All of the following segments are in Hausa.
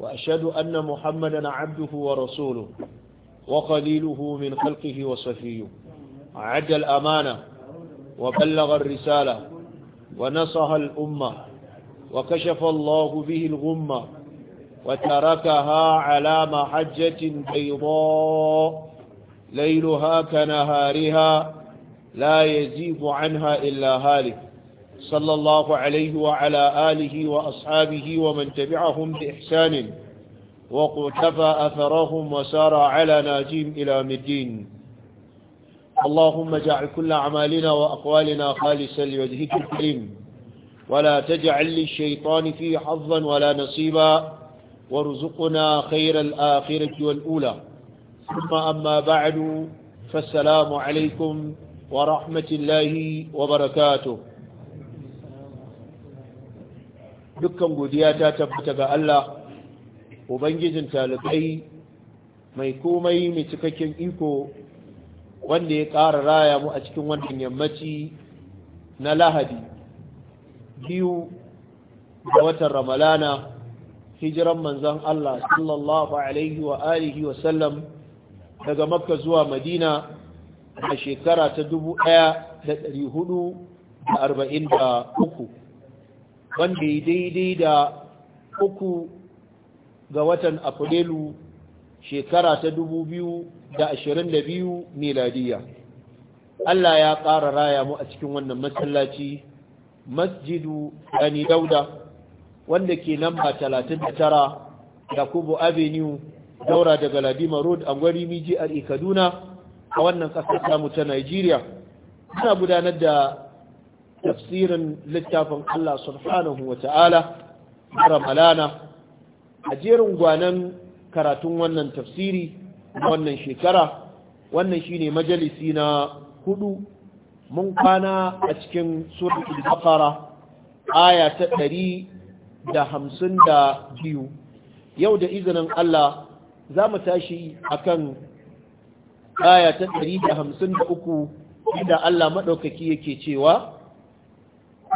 وأشهد أن محمدا عبده ورسوله وقليله من خلقه وصفيه عد الأمانة وبلغ الرسالة ونصها الأمة وكشف الله به الغمة وتركها على محجة بيضاء ليلها كنهارها لا يزيغ عنها إلا هالك صلى الله عليه وعلى آله وأصحابه ومن تبعهم بإحسان وقتفى أثرهم وسار على ناجيم إلى مدين اللهم اجعل كل أعمالنا وأقوالنا خالصا لوجهك الكريم ولا تجعل للشيطان فيه حظا ولا نصيبا وارزقنا خير الآخرة والأولى ثم أما بعد فالسلام عليكم ورحمة الله وبركاته dukkan godiya ta tabbata ga Allah ubangijin talibai mai komai mai cikakken iko wanda ya ƙara raya mu a cikin wannan yammaci na lahadi biyu ga watan ramalana hijiran manzan Allah sallallahu alaihi wa alihi wa sallam daga makka zuwa madina a shekara ta uku. wanda ya daidai da uku ga watan afrilu shekara ta dubu biyu da ashirin da biyu miladiya Allah ya ƙara raya mu a cikin wannan masallaci masjidu ɗani dauda wanda ke lamba talatin da tara yakubu avenue daura daga ladima road a gwari miji a kaduna a wannan ƙasar tamu ta nigeria suna gudanar da tafsirin littafin Allah subhanahu wa ta'ala ramalana a jerin gwanon karatun wannan tafsiri wannan shekara wannan shine majalisi na hudu mun kwana a cikin suratul baqara aya ta ɗari da hamsin da biyu yau da izinin Allah za mu tashi akan aya ta ɗari da hamsin da uku inda Allah maɗaukaki yake cewa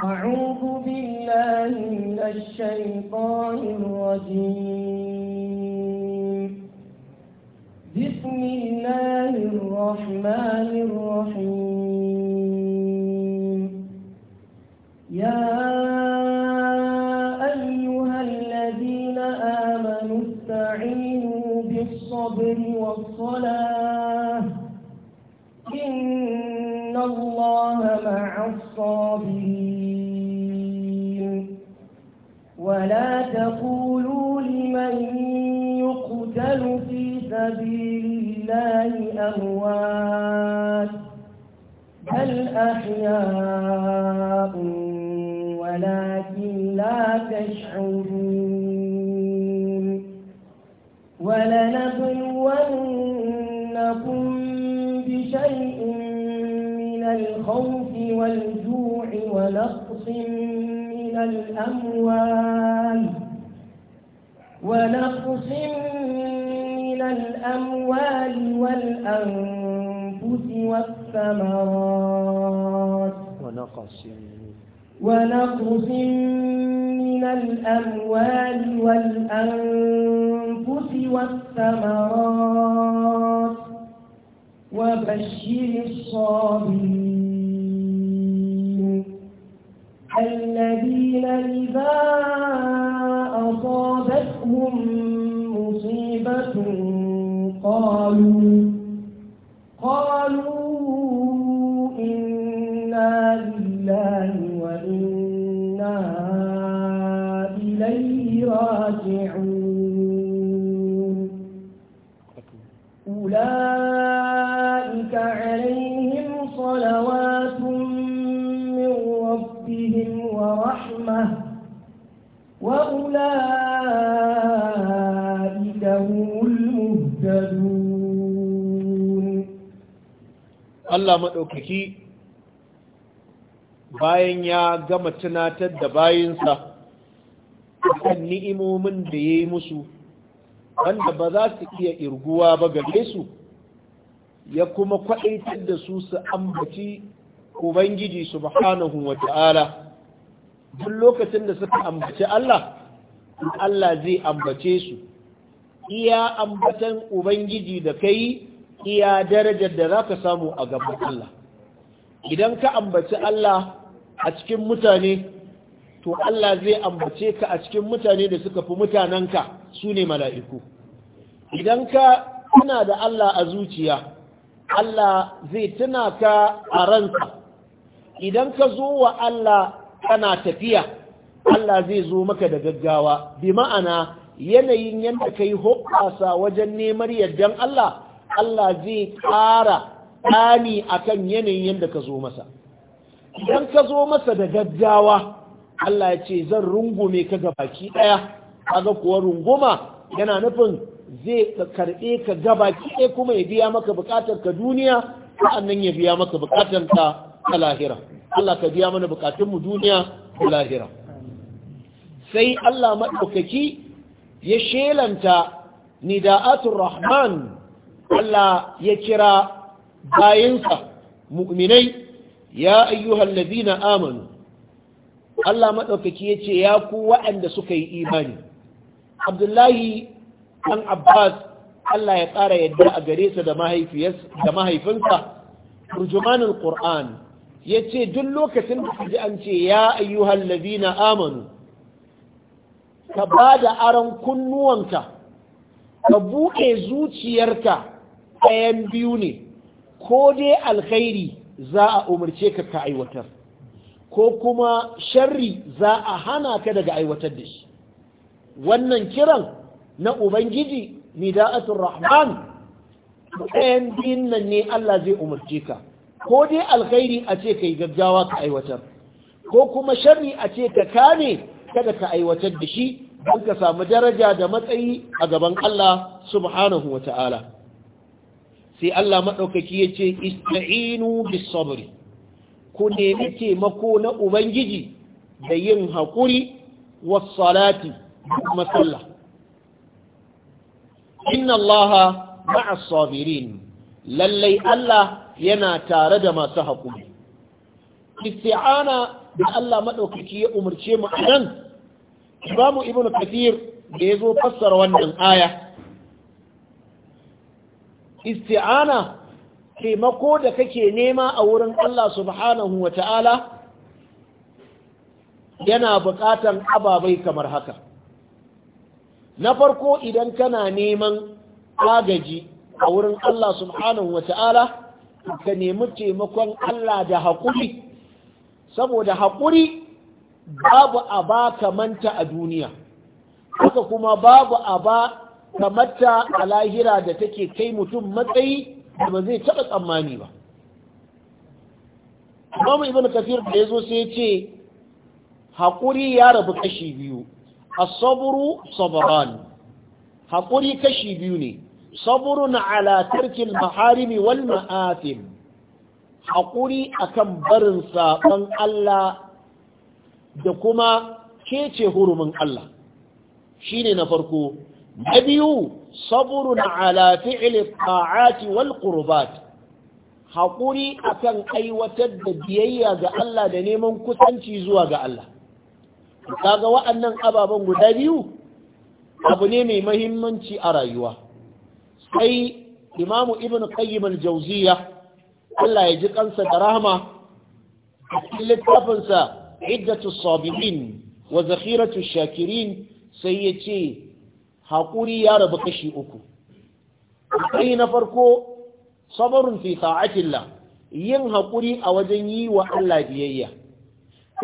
أعوذ بالله من الشيطان الرجيم بسم الله الرحمن الرحيم يا أيها الذين آمنوا استعينوا بالصبر والصلاة إن الله مع الصابرين ولا تقولوا لمن يقتل في سبيل الله أموات بل أحياء ولكن لا تشعرون ولنبلونكم بشيء من الخوف والجوع ونقص من الأموال ونقص من الأموال والأنفس والثمرات ونقص ونقص من الأموال والأنفس والثمرات وبشر الصابرين الذين إذا أصابتهم مصيبة قالوا قالوا Allah maɗaukaki. bayan ya gama tunatar da bayinsa kan ni'imomin da ya yi musu wanda ba za su iya irguwa ba gare su ya kuma kwaɗaitar da su su ambaci ubangiji subhanahu wa ta'ala duk lokacin da suka ambaci Allah Allah zai ambace su iya ambatan ubangiji da kai iya darajar da za ka samu a gaban Allah idan ka ambaci Allah a cikin mutane to Allah zai ambace ka a cikin mutane da suka fi mutanenka su ne mala'iku idan ka tuna da Allah a zuciya Allah zai tuna ka a ranka idan ka zo wa Allah kana tafiya Allah zai zo maka da gaggawa bi ma'ana yanayin yadda kai hoɓasa wajen neman yardan Allah Allah zai ƙara ɗani kan yanayin yadda ka zo masa idan ka zo masa da gaggawa Allah ya ce zan rungume ka gabaki ɗaya kaga kuwa runguma yana nufin zai karɓe ka gabaki ɗaya kuma ya biya maka buƙatar ka duniya sa'annan ya biya maka buƙatar ka ta lahira Allah ka biya mana buƙatunmu duniya da lahira sai Allah maɗaukaki ya shelanta nida'atul rahman Allah ya kira bayinsa mu'minai ya ayyuhal ladina amanu Allah maɗaukaki ya ce ya ku waɗanda suka yi imani Abdullahi ɗan Abbas Allah ya ƙara yadda a gare sa da mahaifinsa turjumanin Qur'an ya ce duk lokacin da ji an ce ya ayyuhal ladina amanu ka ba da aron kunnuwanka ka buɗe zuciyarka ɗayan biyu ne ko dai alkhairi za a umarce ka ka aiwatar ko kuma sharri za a hana ka daga aiwatar da shi wannan kiran na ubangiji nida'atul rahman ɗayan biyun nan ne Allah zai umarce ka ko dai alkhairi a ce ka yi gaggawa ka aiwatar ko kuma sharri a ce ka kame kada ka aiwatar da shi don ka samu daraja da matsayi a gaban Allah subhanahu wa ta'ala sai Allah maɗaukaki ya ce ista'inu bis sabri ku nemi taimako na ubangiji da yin haƙuri wasalati salati kuma sallah inna Allah sabirin lallai Allah yana tare da masu haƙuri isti'ana da Allah maɗaukaki ya umarce mu a nan Imam Ibn Kathir da ya zo fassara wannan aya isti'ana taimako da kake nema a wurin Allah subhanahu wa ta'ala yana buƙatan ababai kamar haka na farko idan kana neman agaji a wurin Allah subhanahu wa ta'ala ka nemi taimakon Allah da haƙuri saboda haƙuri babu a ba kamanta a duniya haka kuma babu a ba kamanta a lahira da take kai mutum matsayi da ba zai taɓa tsammani ba Babu ibn kafir da ya zo sai ce haƙuri ya rabu kashi biyu a Saburu sabaran haƙuri kashi biyu ne saburun ala tarkil maharimi wal ma'afin. haƙuri akan barin saɓon Allah da kuma kece hurumin Allah shine na farko na biyu saburu na alafi ta'ati wal qurbat haƙuri akan aiwatar da biyayya ga Allah da neman kusanci zuwa ga Allah ga wa'annan ababen guda biyu abu ne mai mahimmanci a rayuwa sai imamu ibn qayyim al Allah ya ji kansa da rahama cikin littafinsa iddatu sabirin wa zakhiratu shakirin sai ya ce haƙuri ya rabu kashi uku sai na farko sabarun fi sa'atillah yin haƙuri a wajen yi wa Allah biyayya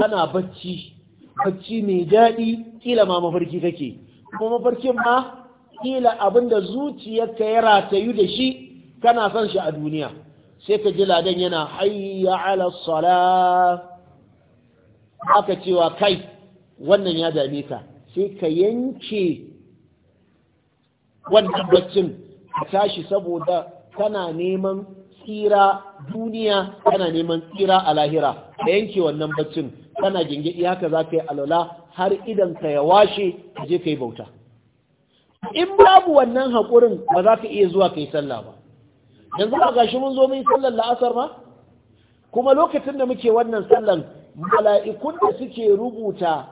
kana bacci bacci mai daɗi kila ma mafarki kake kuma mafarkin ma kila abinda zuciyarka ya ratayu da shi kana son shi a duniya sai ka ji ladan yana hayya ala sala aka cewa kai wannan ya dame ka sai ka yanke wannan baccin ka tashi saboda kana neman tsira duniya kana neman tsira a lahira ka yanke wannan baccin kana gingidi haka za ka yi alwala har idan ka ya washe ka je ka yi bauta in babu wannan haƙurin ba za ka iya zuwa ka yi sallah ba yanzu ba gashi mun zo mun yi sallar la'asar ma kuma lokacin da muke wannan sallar mala'ikun da suke rubuta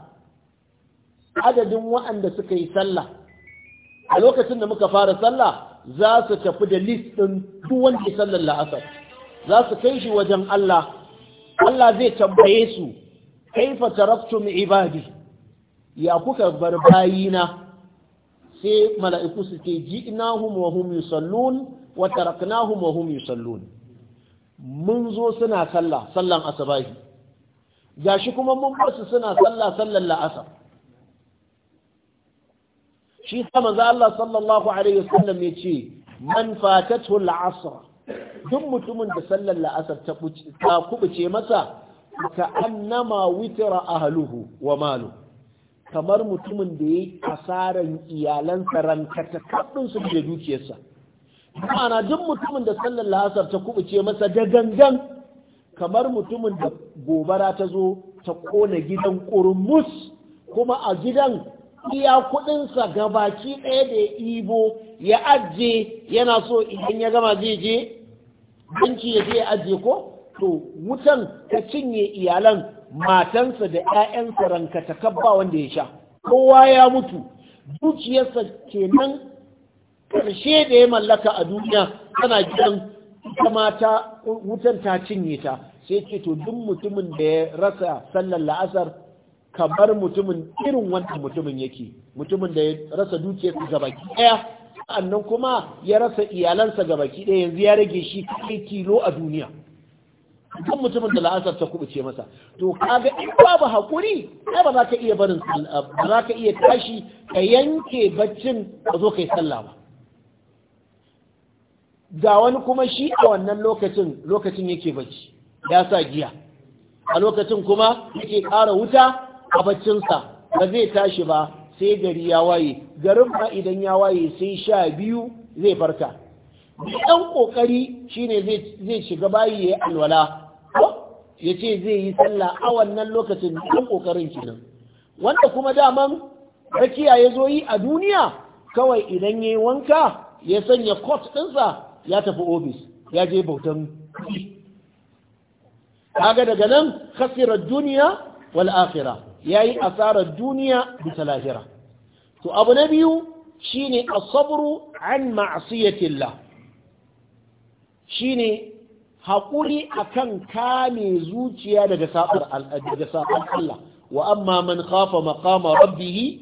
adadin wa'anda suka yi sallah a lokacin da muka fara sallah za su tafi da list ɗin duk wanda ya sallar la'asar za su kai shi wajen Allah Allah zai tambaye su kaifa taraktum ibadi ya kuka bar bayina sai mala'iku su ce ji'nahum wa hum yusallun wa taraknahum wa hum yusallun mun zo suna sallah sallan asabahi gashi kuma mun bar su suna sallah sallan la'asar shi ta manzo Allah sallallahu alaihi wasallam ce man fatatuhu al-asr duk mutumin da sallan la'asar ta kubuce masa ka annama witra ahluhu wa maluhu kamar mutumin da ya yi asaran iyalansa rankata kaɗin su da dukiyarsa ma'ana duk mutumin da sallar lahasar ta kubuce masa da gangan kamar mutumin da gobara ta zo ta kona gidan ƙurmus kuma a gidan iya kuɗinsa gabaki ɗaya da ya ibo ya ajiye yana so idan ya gama zai je banki ya je ya ajiye ko to wutan ta cinye iyalan matansa da 'ya'yansa rankata kabba wanda ya sha kowa ya mutu dukiyarsa kenan ƙarshe da ya mallaka a duniya tana gidan ita mata wutan ta cinye ta sai ce to duk mutumin da ya rasa sallar la'asar kamar mutumin irin wannan mutumin yake mutumin da ya rasa dukiyarsa baki ɗaya sannan kuma ya rasa iyalansa ga baki ɗaya yanzu ya rage shi kai kilo a duniya kan mutumin da la'asar ta kubuce masa to kaga in babu hakuri ai ba za ka iya barin ba za ka iya tashi ka yanke baccin ka zo kai sallah ba ga wani kuma shi a wannan lokacin lokacin yake bacci ya sa giya a lokacin kuma yake ƙara wuta a baccinsa ba zai tashi ba sai gari ya waye garin ma idan ya waye sai sha biyu zai farka ɗan ƙoƙari shine zai shiga bayi ya yi alwala ya ce zai yi sallah a wannan lokacin ɗan ƙoƙarin kenan wanda kuma daman rakiya ya zo yi a duniya kawai idan ya yi wanka ya sanya kot ɗinsa ya tafi ofis ya je bautan kuɗi kaga daga nan khasirar duniya wal ya yayi asarar duniya bisa lahira to abu na biyu shine asabru an ma'siyatillah shine haƙuri akan kame zuciya daga saɓar Allah wa amma man khafa maqama rabbihi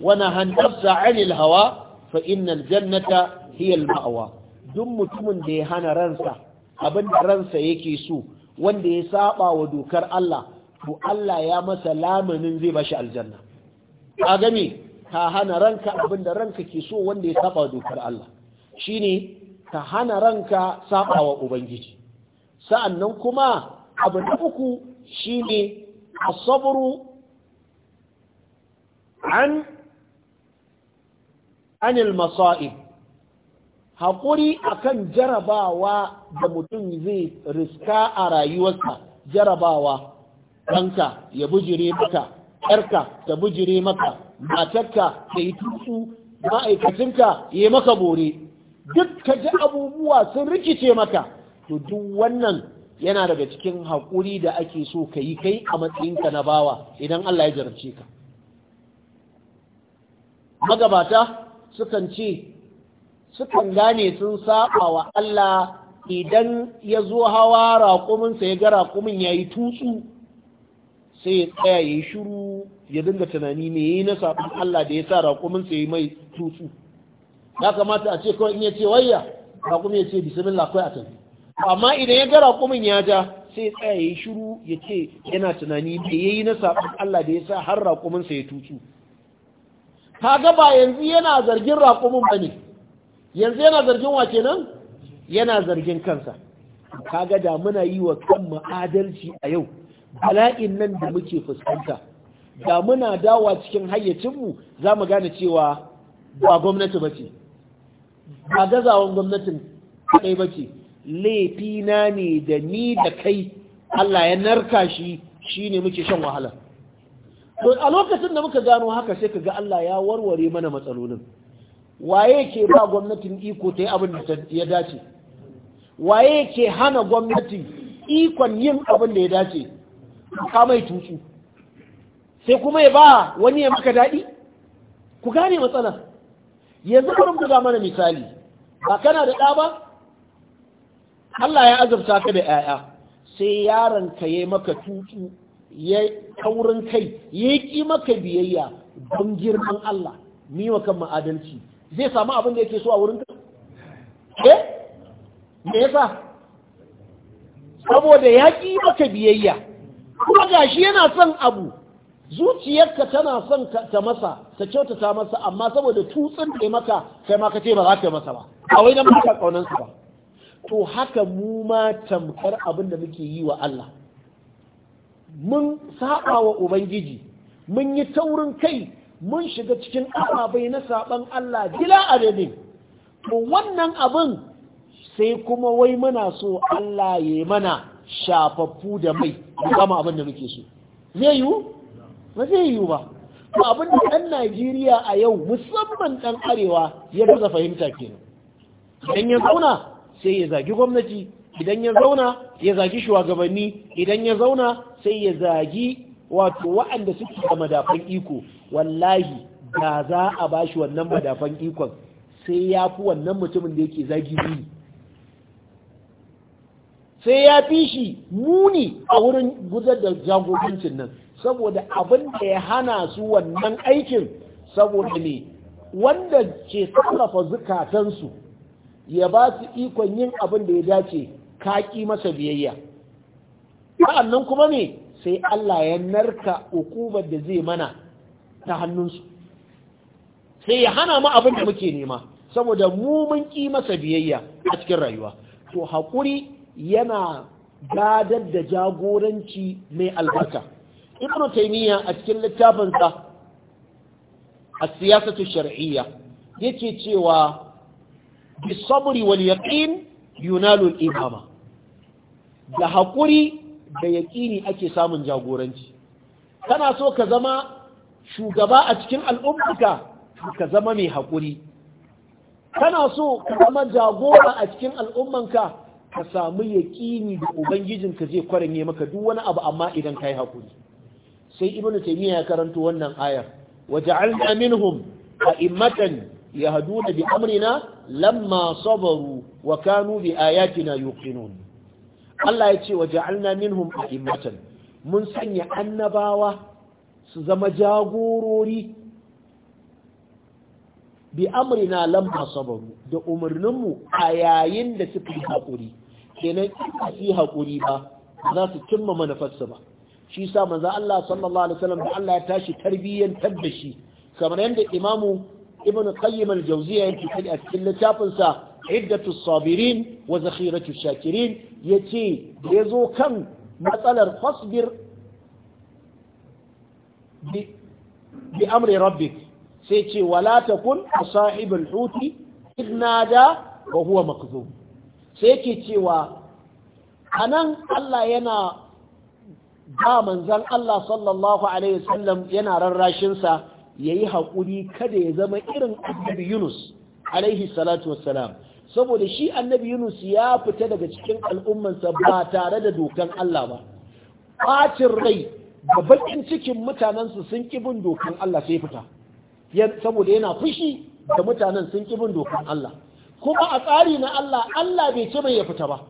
wana nahan 'anil hawa fa innal jannata hiyal mawa duk mutumin da ya hana ransa abinda ransa yake so wanda ya saba wa dokar Allah to Allah ya masa lamanin zai bashi aljanna a gami ka hana ranka abinda ranka ke so wanda ya saba wa dokar Allah shine ka hana ranka saɓawa ubangiji sa'annan kuma abu na uku shine asabru an anil masa'ib haƙuri akan jarabawa da mutum zai riska a rayuwarsa jarabawa ranka ya bujire maka yarka ta bujire maka matarka ta yi tutsu ma'aikacinka ya maka bore duk ka ji abubuwa sun rikice maka to duk wannan yana daga cikin haƙuri da ake so ka yi kai a matsayinka na bawa idan Allah ya jarabce ka magabata sukan ce sukan gane sun saba wa Allah idan ya zo hawa raƙuminsa ya ga raƙumin ya yi tutsu sai ya tsaya ya yi shuru ya dinga tunani me yi na saɓon Allah da ya sa raƙuminsa ya yi mai tutsu ya kamata a ce kawai in ya ce ba raƙumi ya ce bismillah kawai a tafi amma idan ya ga raƙumin ya ja sai tsaya ya yi shiru ya ce yana tunani da ya yi na sabon Allah da ya sa har rakuminsa ya tutu ka ga ba yanzu yana zargin raƙumin ba ne yanzu yana zargin wa ke nan, yana zargin kansa ka ga da muna yi wa kan adalci a yau bala'in nan da muke fuskanta da muna dawa cikin hayyacinmu za mu gane cewa ba gwamnati ba ce ba gazawan gwamnatin kaɗai ba ce laifina ne da ni da kai Allah ya narka shi shi ne muke shan wahala to a lokacin da muka gano haka sai ka ga Allah ya warware mana matsalolin waye ke ba gwamnatin iko ta yi abin da ya dace waye ke hana gwamnati ikon yin abin da ya dace ka mai tutsu sai kuma ya ba wani ya maka daɗi ku gane matsalar yanzu bari mu ga mana misali ba kana da ɗa ba Allah ya azabta ka da 'ya'ya sai yaron ka yayi maka tutu ya kaurin kai ya yi maka biyayya don girman Allah ni wa kan ma'adalci zai samu abin da yake so a wurin ka eh me yasa saboda ya yi maka biyayya kuma gashi yana son abu zuciyarka tana son ta masa ta kyautata masa amma saboda tutsin da maka kai ma ka ce ba za ka masa ba a wai dan ka kaunan ba to haka mu ma tamkar abin da muke yi wa Allah mun saba wa ubangiji mun yi taurin kai mun shiga cikin ababai na saban Allah bila adadin to wannan abin sai kuma wai muna so Allah ya mana shafaffu da mai gama abin da muke so zai yiwu ba zai yiwu ba to abin da ɗan Najeriya a yau musamman ɗan arewa ya gaza fahimta kenan idan ya zauna sai ya zagi gwamnati idan ya zauna ya zagi shugabanni idan ya zauna sai ya zagi wato wa'anda suke da madafan iko wallahi da za a ba shi wannan madafan ikon sai ya fi wannan mutumin da yake zagi biyu sai ya fi shi muni a wurin guzar da jagorancin nan saboda abin da ya hana su wannan aikin saboda ne wanda ke sarrafa zukatansu ya ba su ikon yin abin da ya dace kaki masa biyayya sa'annan kuma ne sai Allah ya narka hukumar da zai mana ta hannunsu sai ya hana mu abin da muke nema saboda mu mun ki masa biyayya a cikin rayuwa to haƙuri yana gadar da jagoranci mai albarka ibn taymiya a cikin littafin sa as-siyasatu shar'iyya yake cewa sabri wal yaqin yunalu al-imama da hakuri da yaqini ake samun jagoranci kana so ka zama shugaba a cikin al'ummarka ka zama mai hakuri kana so ka zama jagora a cikin al'ummanka ka samu yaƙini da ubangijinka zai kwaranye maka duk wani abu amma idan ka hakuri sai ibn taymiya ya karanto wannan ayar waja'alna minhum a'immatan yahduna bi amrina lamma sabaru wa kanu bi ayatina yuqinun Allah ya ce waja'alna minhum a'immatan mun sanya annabawa su zama jagorori bi amrina lamma sabaru da umarninmu a yayin da suka yi haƙuri kenan in ba su yi haƙuri ba za su cimma manufarsu ba shi sa manzo Allah sallallahu alaihi wasallam da Allah ya tashi tarbiyyantar tabbashi. shi kamar yadda imamu ibn qayyim al-jawziyya yake faɗi a cikin littafin sa iddatu sabirin wa zakhiratu shakirin yace yazo kan matsalar fasbir bi amri rabbik sai ce wala takun sahibul huti idnada wa huwa makzum sai yake cewa anan Allah yana ba manzan Allah sallallahu alaihi wasallam yana rarrashinsa ya yi haƙuri kada ya zama irin annabi Yunus alaihi salatu wassalam saboda shi annabi Yunus ya fita daga cikin al'ummansa ba tare da dokan Allah ba ɓacin rai da bakin cikin mutanensu sun ƙi dokan Allah sai fita saboda yana fushi da mutanen sun ƙi dokan Allah kuma a tsari na Allah Allah bai ce mai ya fita ba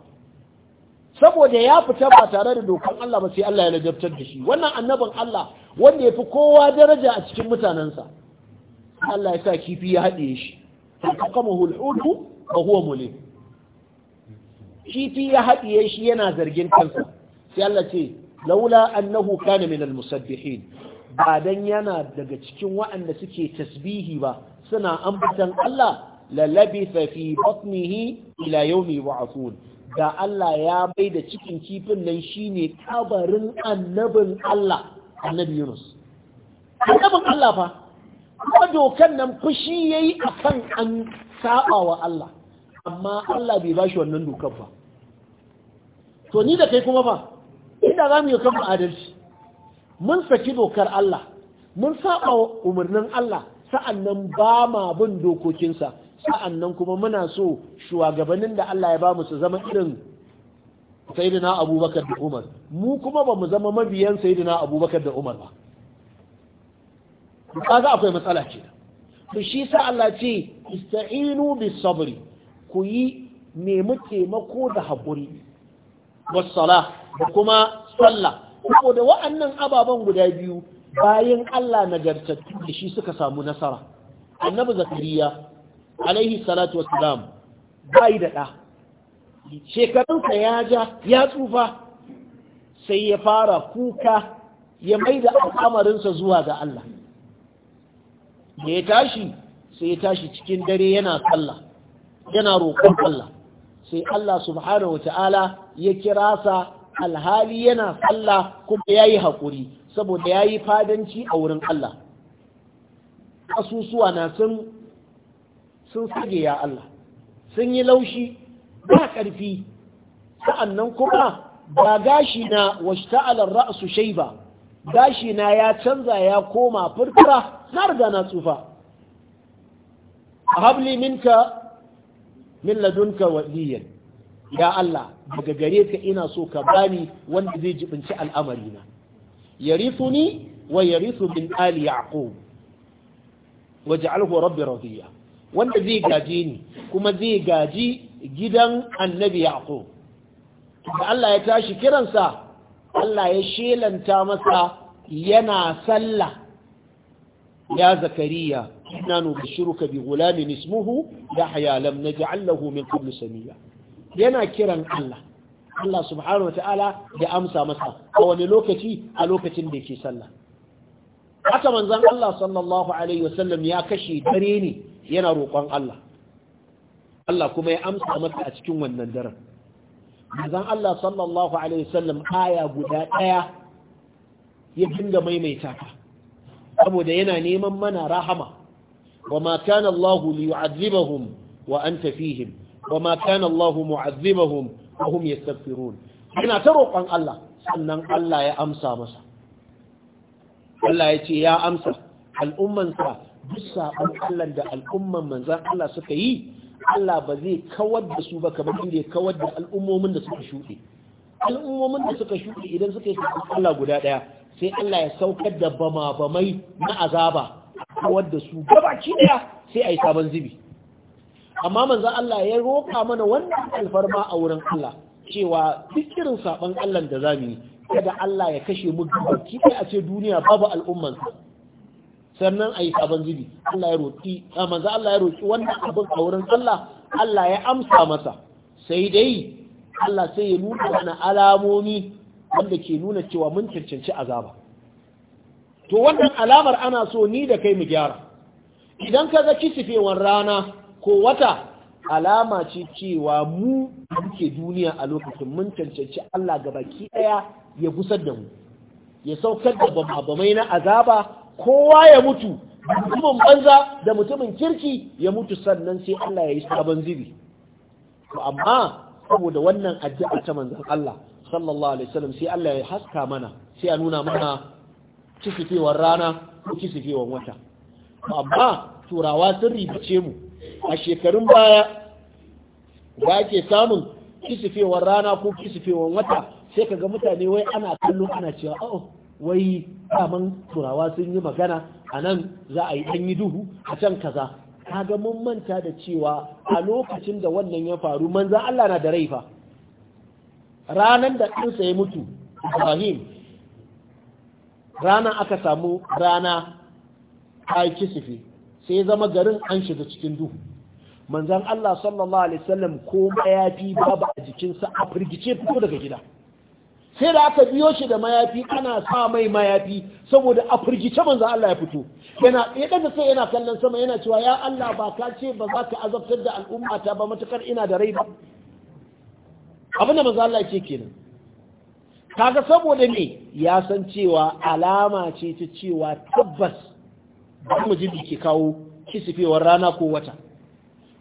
saboda ya fita ba tare da dokan Allah ba sai Allah ya ladabtar da shi wannan annabin Allah wanda ya fi kowa daraja a cikin mutanensa Allah ya sa kifi ya haɗe shi kama hulhudu ba huwa mule kifi ya haɗe shi yana zargin kansa sai Allah ce laula annahu kana min almusabbihin ba dan yana daga cikin waɗanda suke tasbihi ba suna ambatan Allah la labitha fi batnihi ila yawmi yub'athun ga Allah ya bai da cikin kifin nan shine kabarin annabin Allah annabi Yunus annabin Allah fa kuma dokan nan fushi yayi akan an saba Allah amma Allah bai bashi wannan dokan ba to ni da kai kuma ba inda za mu yi kan adalci mun saki dokar Allah mun saba umarnin Allah sa'annan ba ma bin dokokinsa sa'an nan kuma muna so shugabannin da Allah ya ba mu su zama irin sayidina abubakar da umar mu kuma ba mu zama mabiyan sayidina abubakar da umar ba kaga akwai matsala ce to shi sa Allah ce ista'inu bis sabri ku yi nemi taimako da haƙuri wassala da kuma sallah da wa'annan ababen guda biyu bayan Allah nagartattu da shi suka samu nasara annabi zakariya alaihi salatu wassalam bai da ɗa shekarunsa ya ja ya tsufa sai ya fara kuka ya mai da al'amarinsa zuwa ga Allah da ya tashi sai ya tashi cikin dare yana sallah yana roƙon Allah sai Allah subhanahu wata'ala ya kira sa alhali yana sallah kuma yayi haƙuri saboda yayi fadanci a wurin Allah asusuwa na sun sun sage ya Allah sun yi laushi ba ƙarfi sa'annan kuma ba gashi na ra'asu shai ba. gashi na ya canza ya koma furfura na riga na tsufa habli minka min ladunka waliyan ya Allah daga gare ka ina so ka bani wanda zai jibinci al'amarina yarithuni wa yarithu min ali yaqub alhuwa rabbi radiyya. wanda zai gaji ni kuma zai gaji gidan annabi yaqub da Allah ya tashi kiransa Allah ya shelanta masa yana sallah ya zakariya inna nubashiruka bi ghulamin ismuhu yahya lam naj'al lahu min qabl samia yana kiran Allah Allah subhanahu wa ya amsa masa a wani lokaci a lokacin da yake sallah haka manzon Allah sallallahu alaihi wasallam ya kashe dare ne yana roƙon Allah Allah kuma ya amsa masa a cikin wannan daren manzon Allah sallallahu alaihi wasallam aya guda daya ya dinga maimaita ta saboda yana neman mana rahama wama kana Allah liyu'adhibahum wa anta fihim wama kana Allah mu'adhibahum wa hum yastaghfirun yana ta roƙon Allah sannan Allah ya amsa masa Allah ya ce ya amsa al'ummansa duk sabon Allah da al'umman manzan Allah suka yi Allah ba zai kawar da su ba kamar inda ya kawar da al'ummomin da suka shuɗe al'ummomin da suka shuɗe idan suka yi sabon Allah guda ɗaya sai Allah ya saukar da bama-bamai na azaba kawar da su gabaki ɗaya sai a yi sabon zibi amma manzan Allah ya roƙa mana wannan alfarma a wurin Allah cewa duk irin saɓon Allah da zamu yi kada Allah ya kashe mu gabaki ɗaya a ce duniya babu al'ummansa sannan a yi sabon zubi Allah ya roƙi Allah ya roƙi wannan abin a wurin Allah Allah ya amsa masa sai dai Allah sai ya nuna wani alamomi wanda ke nuna cewa mun cancanci azaba to wannan alamar ana so ni da kai mu gyara idan ka ga kisifewar rana ko wata alama ce cewa mu muke duniya a lokacin mun cancanci Allah baki daya ya gusar da mu ya saukar da bamabamai na azaba kowa ya mutu mutumin banza da mutumin kirki ya mutu sannan sai Allah ya yi sabon zibi to amma saboda wannan addu'a ta manzon Allah sallallahu alaihi wasallam sai Allah ya haska mana sai ya nuna mana kisifewar rana ko kisifewar wata amma turawa sun ribice mu a shekarun baya da ke samun kisifewar rana ko kisifewar wata sai kaga mutane wai ana kallo ana cewa oh wai kaman turawa sun yi magana a nan za a yi an yi duhu a can kaza ga mun manta da cewa a lokacin da wannan ya faru manzan Allah na da rai fa ranan da ɗansa ya mutu Ibrahim rana aka samu rana ta yi kisifi sai zama garin an shiga cikin duhu manzan Allah sallallahu alaihi wasallam ko mayafi babu a jikinsa a firgice fito daga gida sai da aka biyo shi da mayafi ana sa mai mayafi saboda a firgice manzo Allah ya fito yana ya kanta sai yana kallon sama yana cewa ya Allah ba ka ce ba za ka azabtar da al'umma ta ba matukar ina da rai ba abin da manzo Allah yake kenan kaga saboda me ya san cewa alama ce ta cewa tabbas ba mu ji ke kawo kisifewar rana ko wata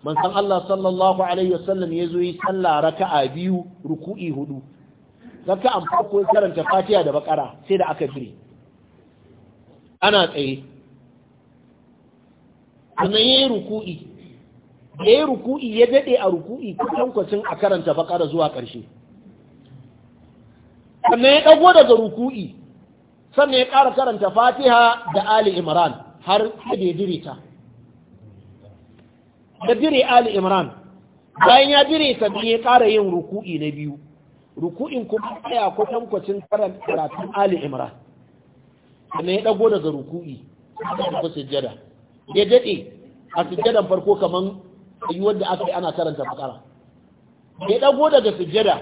manzo Allah sallallahu alaihi wasallam ya yi sallah raka'a biyu ruku'i hudu don ka amfani ko karanta fatiya da bakara sai da aka fire ana tsaye sannan ya yi ruku'i ya yi ruku'i ya daɗe a ruku'i kusan kwacin a karanta bakara zuwa ƙarshe sannan ya ɗago daga ruku'i sannan ya ƙara karanta fatiha da ali imran har da ya dire ta da dire ali imran bayan ya dire ta ya ƙara yin ruku'i na biyu ruku'in kuma tsaya kwatankwacin karatun ali imran sannan ya ɗago daga ruku'i da sujjada ya daɗe a sujjadan farko kamar yi da aka yi ana karanta bakara ya ɗago daga sujjada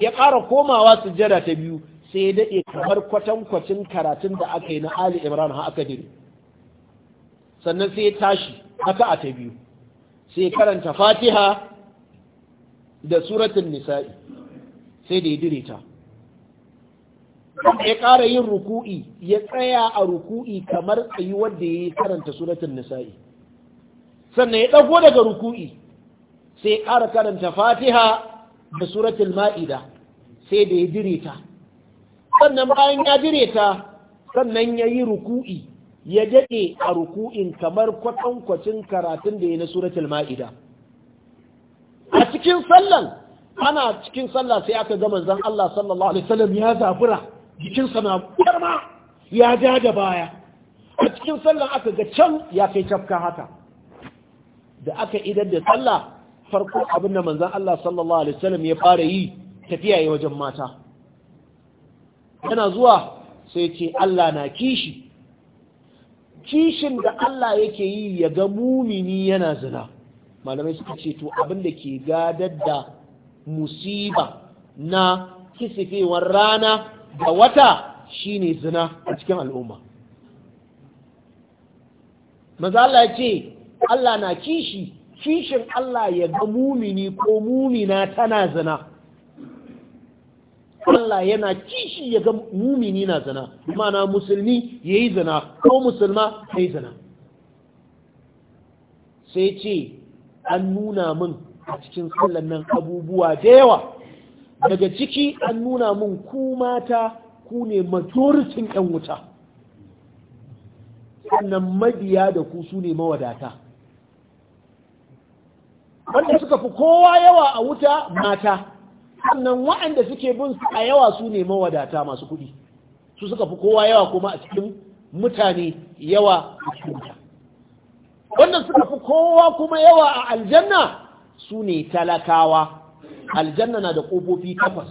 ya ƙara komawa sujjada ta biyu sai ya daɗe kamar kwatankwacin karatun da aka yi na ali imran ha aka dire sannan sai ya tashi haka a ta biyu sai karanta fatiha da suratun nisa'i sai da ya dire ta ya ƙara yin ruku'i ya tsaya a ruku'i kamar tsayi wanda ya yi karanta suratun nisa'i sannan ya ɗago daga ruku'i sai ya ƙara karanta fatiha da suratun ma'ida sai da ya dire ta sannan bayan ya dire ta sannan ya yi ruku'i ya daɗe a ruku'in kamar kwatankwacin karatun da ya na suratul ma'ida a cikin sallan ana cikin sallah sai aka ga manzon Allah sallallahu alaihi wasallam ya zabura jikinsa na barma ya ja da baya a cikin sallah aka ga can ya kai cafka haka da aka idan da sallah farko abin da manzon Allah sallallahu alaihi wasallam ya fara yi tafiya yi wajen mata yana zuwa sai ce Allah na kishi kishin da Allah yake yi ya ga mumini yana zina malamai suka ce to abin da ke gadar da musiba na kisifewar rana da wata shine zina a cikin al'umma maza Allah ya ce Allah na kishi kishin Allah ya ga mumini ko mumina tana zina Allah yana kishi ya ga mumini na zina mana musulmi ya yi zina ko musulma ta yi zina sai ce an nuna min a cikin sallan nan abubuwa da yawa daga ciki an nuna mun ku mata ku ne majoritin 'yan wuta sannan mabiya da ku su ne mawadata wanda suka fi kowa yawa a wuta mata sannan waɗanda suke bin su a yawa su ne mawadata masu kuɗi su suka fi kowa yawa kuma a cikin mutane yawa a cikin wuta wanda suka fi kowa kuma yawa a aljanna su ne talakawa aljanna na da ƙofofi takwas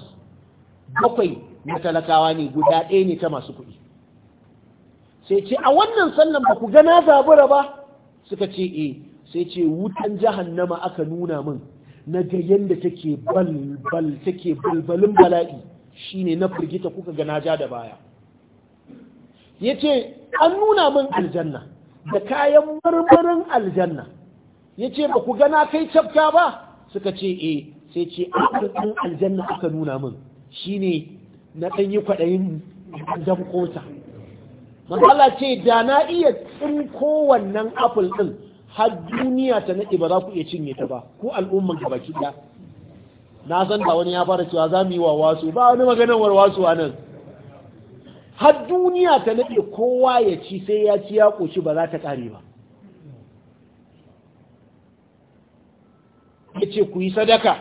bakwai na talakawa ne guda ɗaya ne ta masu kuɗi sai ce a wannan sallan ba ku gana zabura ba suka ce e sai ce wutan jahannama aka nuna min na ga yadda take balbal take balbalin bala'i shine na firgita kuka gana ja da baya Ya ce an nuna min aljanna da kayan marmarin aljanna ya ce ba ku gana kai cafka ba suka ce e sai ce ah, ɗan aljanna aka nuna min shine na ɗan yi kwaɗayin damƙota Allah ce da na iya tsin wannan apple ɗin har duniya ta naɗe ba za ku iya cinye ta ba ko al'umman ga baki ɗaya na san da wani ya fara cewa za mu yi wa wasu ba wani maganar wasu a nan har duniya ta naɗe kowa ya ci sai ya ci ya ƙoci ba za ta ƙare ba ya ce ku yi sadaka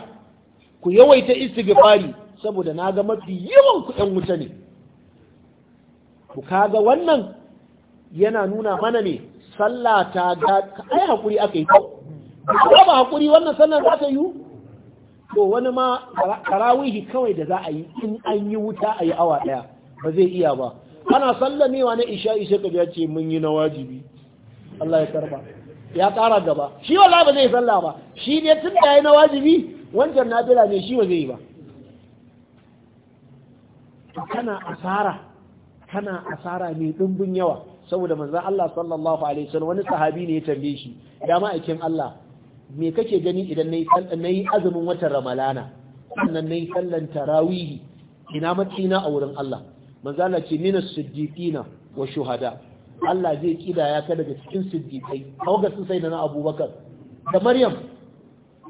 ku yawaita istighfari saboda na ga mafi yawan ku wuta ne ku kaga wannan yana nuna mana ne sallah ta ga ai hakuri aka yi ba ba hakuri wannan sallah za ta yi to wani ma karawihi kawai da za a yi in an yi wuta a yi awa ɗaya ba zai iya ba ana sallamewa na isha isha ka ce mun yi na wajibi Allah ya karba ya ƙara gaba shi wala ba zai sallah ba shi ne tun da ya na wajibi wancan nafila ne shi ba zai yi ba kana asara kana asara mai ɗumbin yawa saboda manzan Allah sallallahu alaihi wasallam wani sahabi ne ya tambaye shi da ma'aikin Allah me kake gani idan na azumin watan ramalana sannan nayi yi sallan tarawihi ina matsina a wurin Allah manzan Allah ce minas siddiqina wa shuhada Allah zai kidaya ka daga cikin siddiqai haugasu sai da na abubakar da maryam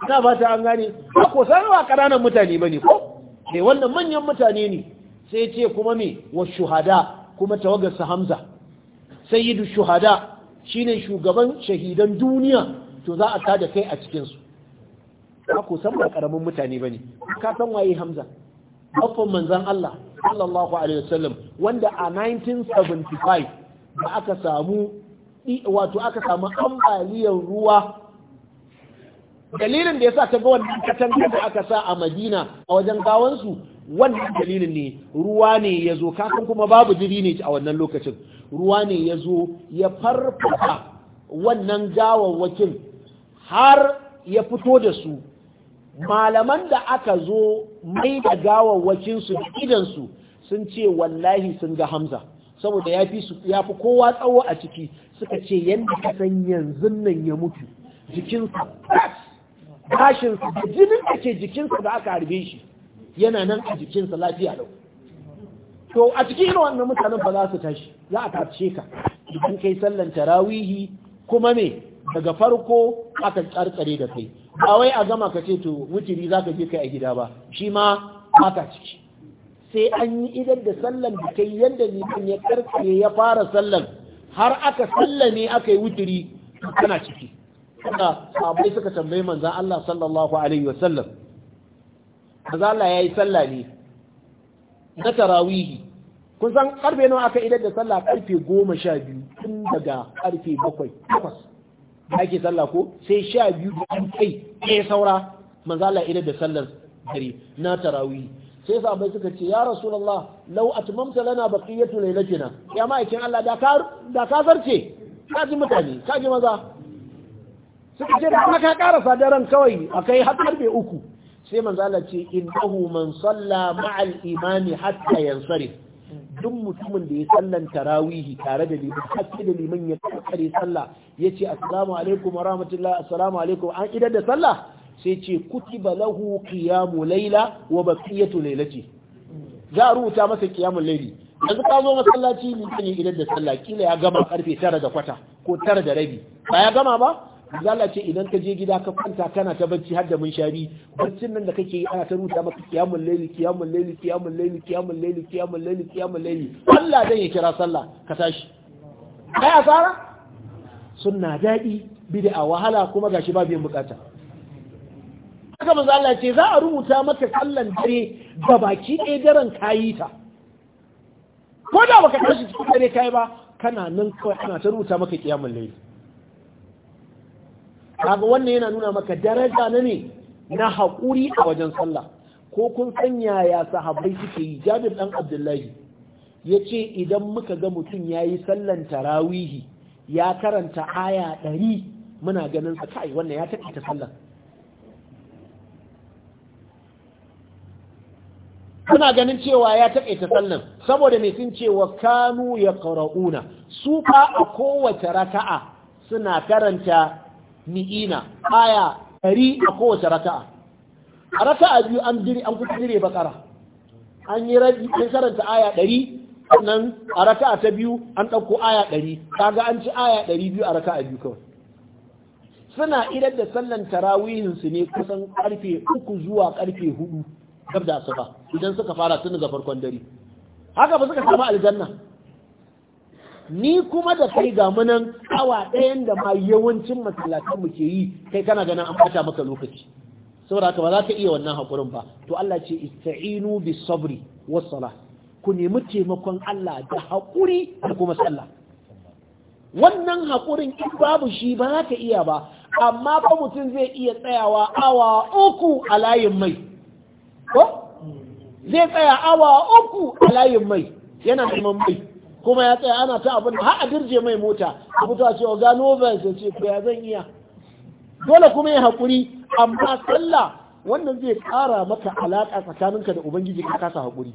ina ba ta an gane ko sai ba ƙananan mutane ba ne? ko ne eh, wannan manyan mutane ne sai ce kuma me wa shuhada kuma tawagarsa hamza sayyidu shuhada shine shugaban shahidan duniya to za a tada kai a cikinsu. su ko san ba ƙaramin mutane ba ne? ka san waye hamza babban manzon Allah sallallahu alaihi wasallam wanda a 1975 da aka samu wato aka samu ambaliyar ruwa dalilin da ya sa ta ga wannan katanga da aka sa a madina a wajen gawansu wannan dalilin ne ruwa ne ya zo kakan kuma babu jiri ne a wannan lokacin ruwa ne ya zo ya farfasa wannan gawawakin har ya fito da su malaman da aka zo mai da gawawakinsu da idansu sun ce wallahi sun ga hamza saboda ya fi su ya fi kowa tsawo a ciki suka ce yadda ka san yanzu nan ya mutu jikinsa gashinsa da jinin da ke jikinsa da aka harbe shi yana nan a jikinsa lafiya lau to a cikin irin wannan mutanen ba za su tashi za a tace ka idan kai sallan tarawihi kuma me daga farko aka karkare da kai ba wai a gama ka ce to mutiri za ka je kai a gida ba shi ma ba ciki sai an yi idan da sallan da kai yadda liman ya karfe ya fara sallan har aka sallame aka yi wuturi kana ciki suna sabai suka tambayi manzan Allah sallallahu alaihi wasallam manzan Allah ya yi sallah ne na tarawihi kun san karfe nawa aka idan da sallah karfe goma sha biyu tun daga karfe bakwai takwas da ake sallah ko sai sha biyu da an kai ɗaya saura manza Allah idan da sallar dare na tarawihi sai sahabbai suka ce ya rasulullah law atmamta lana baqiyatu lailatina ya ma'aikin Allah da ka da ka zarce ka ji mutane ka ji maza suka ce da ka karasa daren kawai akai har karfe uku sai manzo Allah ce innahu man salla ma'al imami hatta yansarif duk mutumin da ya sallan tarawihi tare da liman hakki da liman ya kare sallah ya ce assalamu alaikum wa rahmatullahi assalamu alaikum an idar da sallah sai ce kutiba lahu qiyamu layla wa baqiyatu laylati za a rubuta masa qiyamul Laili. yanzu ka zo masallaci ne idan da sallah kila ya gama karfe tara da kwata ko tara da rabi ba ya gama ba Allah ce idan ka je gida ka kwanta kana ta bacci har da munshari barcin nan da kake yi ana ta rubuta maka qiyamul Laili, qiyamul layli qiyamul layli qiyamul layli qiyamul layli qiyamul layli Allah dan ya kira sallah ka tashi kai asara sunna daɗi bid'a wahala kuma gashi babu yin bukata haka manzo Allah ce za a rubuta maka kallon dare ga baki ɗaya daren kayi ta ko da baka tashi cikin dare kai ba kana nan kawai ana ta rubuta maka kiyamun laifi. kaga wannan yana nuna maka daraja na ne na haƙuri a wajen sallah ko kun san yaya sahabbai suke yi Jabir dan Abdullahi ya ce idan muka ga mutum ya yi sallan tarawihi ya karanta aya ɗari muna ganin sa kai wannan ya taƙaita sallan suna ganin cewa ya taƙaita sallan saboda mai sun ce wa kanu ya ƙara'una su ba a kowace raka'a suna karanta ni'ina aya ɗari a kowace raka'a a raka'a biyu an dire an kuka dire bakara an yi rabi an karanta aya ɗari sannan a raka'a ta biyu an ɗauko aya ɗari kaga an ci aya ɗari biyu a raka'a biyu kawai suna idar da sallan tarawihinsu ne kusan ƙarfe uku zuwa ƙarfe hudu gab da asuba idan suka fara tun daga farkon dare haka ba suka samu aljanna ni kuma da kai ga munan awa ɗayan da ma yawancin masallatan mu ke yi kai kana ganin an fata maka lokaci saboda haka ba za ka iya wannan hakurin ba to Allah ce ista'inu bis sabri was ku nemi taimakon Allah da hakuri da kuma sallah wannan hakurin in babu shi ba za ka iya ba amma fa mutum zai iya tsayawa awa uku a layin mai ko zai tsaya awa uku a layin mai yana neman mai kuma ya tsaya ana ta abin da a dirje mai mota a fito ce o gano ce ko ya zan iya dole kuma ya haƙuri amma sallah wannan zai ƙara maka alaƙa tsakaninka da ubangiji ka kasa haƙuri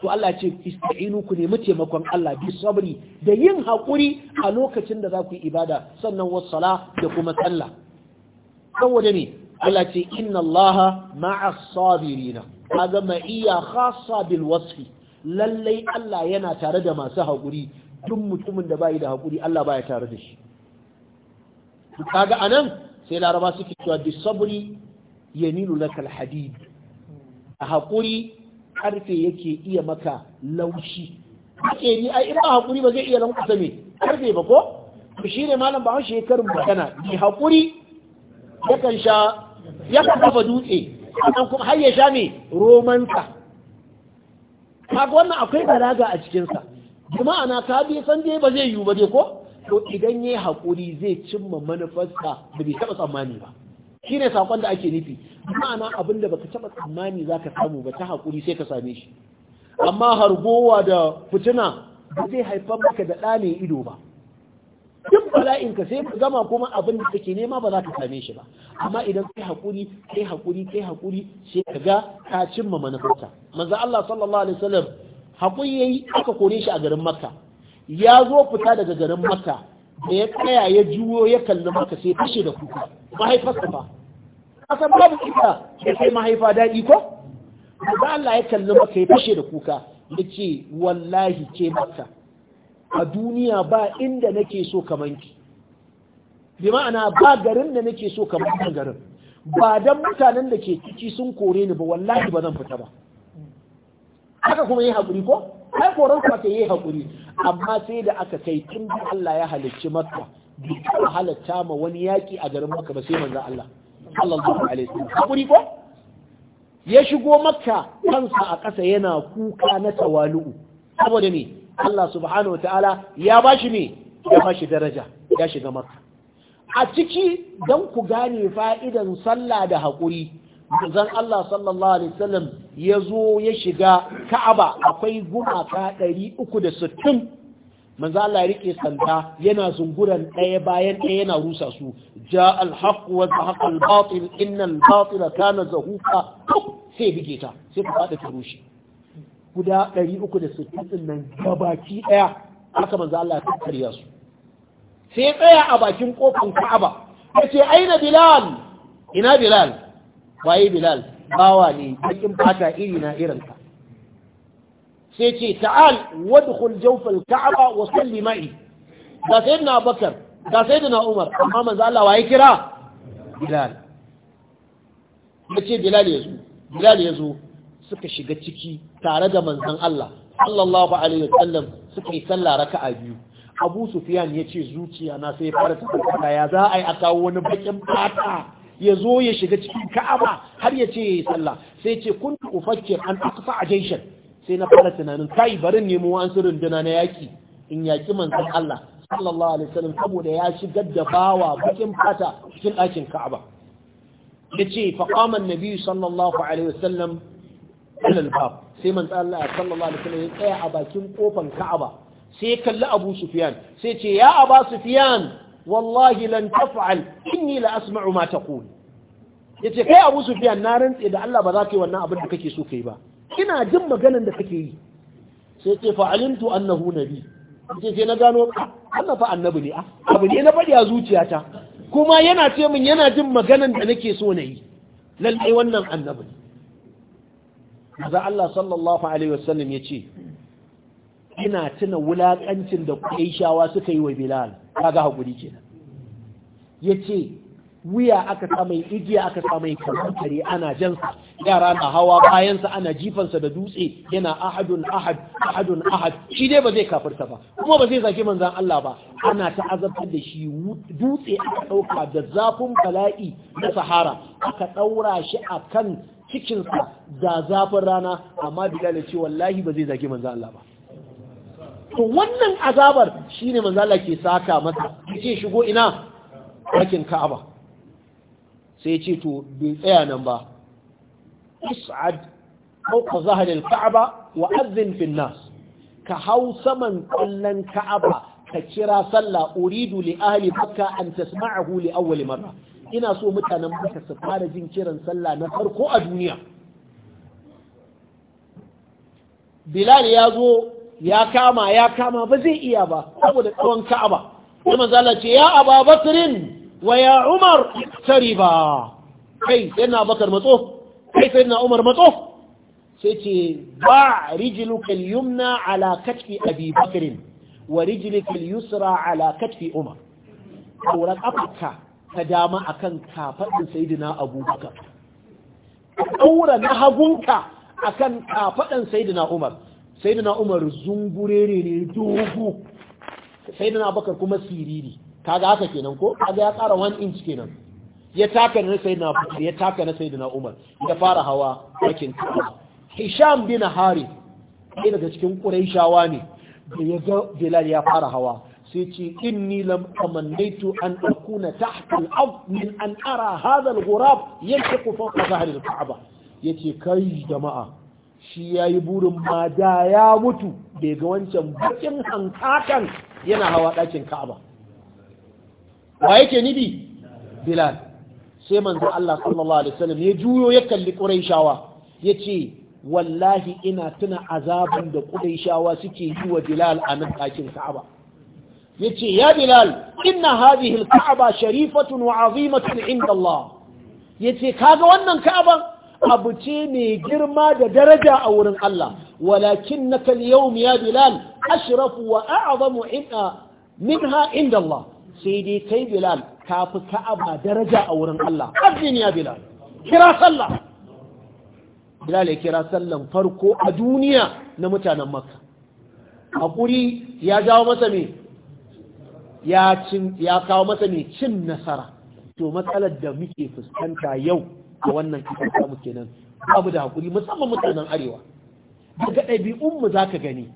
to Allah ce ista'inu ku nemi taimakon Allah bi sabri da yin haƙuri a lokacin da za ku yi ibada sannan wassala da kuma sallah saboda ne Allah ce inna Allah ma'as sabirina kaga ma'iya khassa bil wasfi lallai Allah yana tare da masu haƙuri duk mutumin da bai da haƙuri Allah baya tare da shi kaga anan sai laraba suke cewa bisabri yaninu lakal hadid a haƙuri karfe yake iya maka laushi hakeri ai in ba haƙuri ba zai iya lankwasa me karfe ba ko shi ne malam ba shi magana ni haƙuri yakan sha ya kafa dutse sannan kuma har ya sha ne romanta?" kaga wannan akwai balaga a cikinsa kuma ana ka bi san dai ba zai yiwu ba dai ko to idan yayi hakuri zai cimma manufarsa da bai taba tsammani ba shine sakon da ake nufi ma'ana abin da baka taɓa tsammani zaka samu ba ta hakuri sai ka same shi amma hargowa da fitina ba zai haifar maka da ɗane ido ba duk bala'inka sai ka gama kuma abin da kake nema ba za ka same shi ba amma idan kai hakuri kai hakuri kai hakuri sai ka ga ka cimma manufarka manzo Allah sallallahu alaihi wasallam hakuri yayi aka kore shi a garin Makka ya zo fita daga garin Makka da ya tsaya ya juyo ya kalli Makka sai fashe da kuka mahaifarsa ba kasan babu kuka sai mahaifa daɗi ko manzo Allah ya kalli Makka ya fashe da kuka yace wallahi ke Makka a duniya ba inda nake so kamanki bi ma'ana ba garin da nake so kamanki garin ba dan mutanen da ke ciki sun kore ni ba wallahi ba zan fita ba haka kuma yi haƙuri ko Kai koran ku aka yi haƙuri amma sai da aka kai tun da Allah ya halicci Makka bi ka halatta ma wani yaki a garin Makka ba sai manzo Allah sallallahu alaihi wasallam haƙuri ko ya shigo Makka kansa a ƙasa yana kuka na tawalu'u saboda ne. Allah subhanahu ta'ala ya bashi ne ya bashi daraja ya shiga maka a ciki don ku gane fa'idan sallah da haƙuri zan Allah sallallahu alaihi wasallam ya zo ya shiga ka'aba akwai gumaka ɗari uku da sittin. Allah ya rike sanda yana zunguran ɗaya bayan ɗaya yana rusa su ja alhaq wa zahaqa albatil innal batila kana zahuqa sai bige ta sai ku fada ta rushe guda 360 din nan gabaki daya aka manzo Allah ya karya su sai tsaya a bakin kofar Ka'aba yace aina Bilal ina Bilal waye Bilal bawa ne bakin fata iri na irin ka. sai ce ta'al wadkhul jawfal ka'aba wa salli ma'i da sayyidina Abubakar da sayyidina Umar amma manzo Allah waye kira Bilal yace Bilal yazo Bilal yazo suka shiga ciki tare da manzon Allah sallallahu alaihi wasallam suka yi sallah a biyu Abu Sufyan ce zuciya na sai fara tabbata ya za a yi a kawo wani bakin fata ya zo ya shiga cikin Ka'aba har ya ce yayi sallah sai ce kuntu ufakkir an a jayshan sai na fara tunanin kai barin nemo an sirrin na yaki in yaki manzan Allah sallallahu alaihi wasallam saboda ya shigar da bawa bakin fata cikin ɗakin Ka'aba yace ce an-nabi sallallahu alaihi wasallam ilal bab sai manzo Allah sallallahu alaihi wasallam ya tsaya a bakin kofan Ka'aba sai ya kalli Abu Sufyan sai ce ya aba Sufyan wallahi lan taf'al inni la asma'u ma taqul yace kai Abu Sufyan na rantse da Allah ba za ka yi wannan abin da kake so kai ba ina jin maganar da kake yi sai ce fa'alimtu annahu nabi sai sai na gano Allah fa annabi ne abu ne na faɗi a zuciyata kuma yana ce min yana jin maganar da nake so na yi lallai wannan annabi ne maza Allah sallallahu Alaihi wasallam ya ce ina tuna wulaƙancin da ƙaishawa suka yi wa bilal kaga haƙuri kenan ya ce wuya aka samai igiya aka samai kare ana jansa yara na hawa bayansa ana jifansa da dutse yana ahadun ahad ahadun ahad shi dai ba zai kafirta ba kuma ba zai zaki manzan Allah ba ana ta azabtar da shi dutse aka ɗauka da zafin bala'i na sahara aka ɗaura shi a kan cikinsa da zafin rana amma bilal ya ce wallahi ba zai zage manzo Allah ba to wannan azabar shine manzo Allah ke saka masa yace shigo ina ɗakin Ka'aba sai ce to bai tsaya nan ba is'ad fawqa zahr kaaba wa adhin nas ka hau saman kallon Ka'aba ka kira sallah uridu li ahli Makka an tasma'ahu li awwal marra ina so mutanen maka su fara jin kiran sallah na farko a duniya bilal ya zo ya kama ya kama ba zai iya ba saboda tsawon ka'aba sai manzala ce ya aba basirin wa ya umar tari ba kai sai na bakar matso kai sai na umar matso sai ce ba rijiluka yumna ala katfi abi basirin wa rijiluka yusra ala katfi umar auren afirka ta dama akan kafadin saidina abubakar ɗaura na hagunka akan kafadan saidina umar Saidina umar zungurere ne dogo Saidina abubakar kuma siriri ga haka kenan ko ga ya tsara 1 inch kenan ya taka na saidina abubakar ya taka na saidina umar ya fara hawa kafa hisham bin harith ɗaya daga cikin ƙuraishawa ne da ya ga bilal ya fara hawa sai ce inni lam amannaitu an akuna tahta al-ard min an ara hadha al-ghurab yantiqu fawqa dhahri al yace kai jama'a shi yayi burin ma da ya mutu bai ga wancan bakin hankakan yana hawa dakin Ka'aba wa yake nibi Bilal sai manzo Allah sallallahu alaihi wasallam ya juyo ya kalli Qurayshawa yace wallahi ina tuna azabin da Qurayshawa suke yi wa Bilal a nan dakin Ka'aba yace ya bilal inna hadhihi alka'aba sharifatun wa 'azimatun 'inda Allah yace kaga wannan ka'aban abu ce ne girma da daraja a wurin Allah walakin nakal yawm ya bilal ashrafu wa a'zamu 'inda minha 'inda Allah sai dai kai bilal kafi ka'aba daraja a wurin Allah azin ya bilal kira sallah bilal ya kira sallan farko a duniya na mutanen makka hakuri ya jawo masa me ya kawo masa mai cin nasara to matsalar da muke fuskanta yau a wannan kasar samu kenan babu da hakuri musamman mutanen arewa daga ɗabi'un mu zaka gani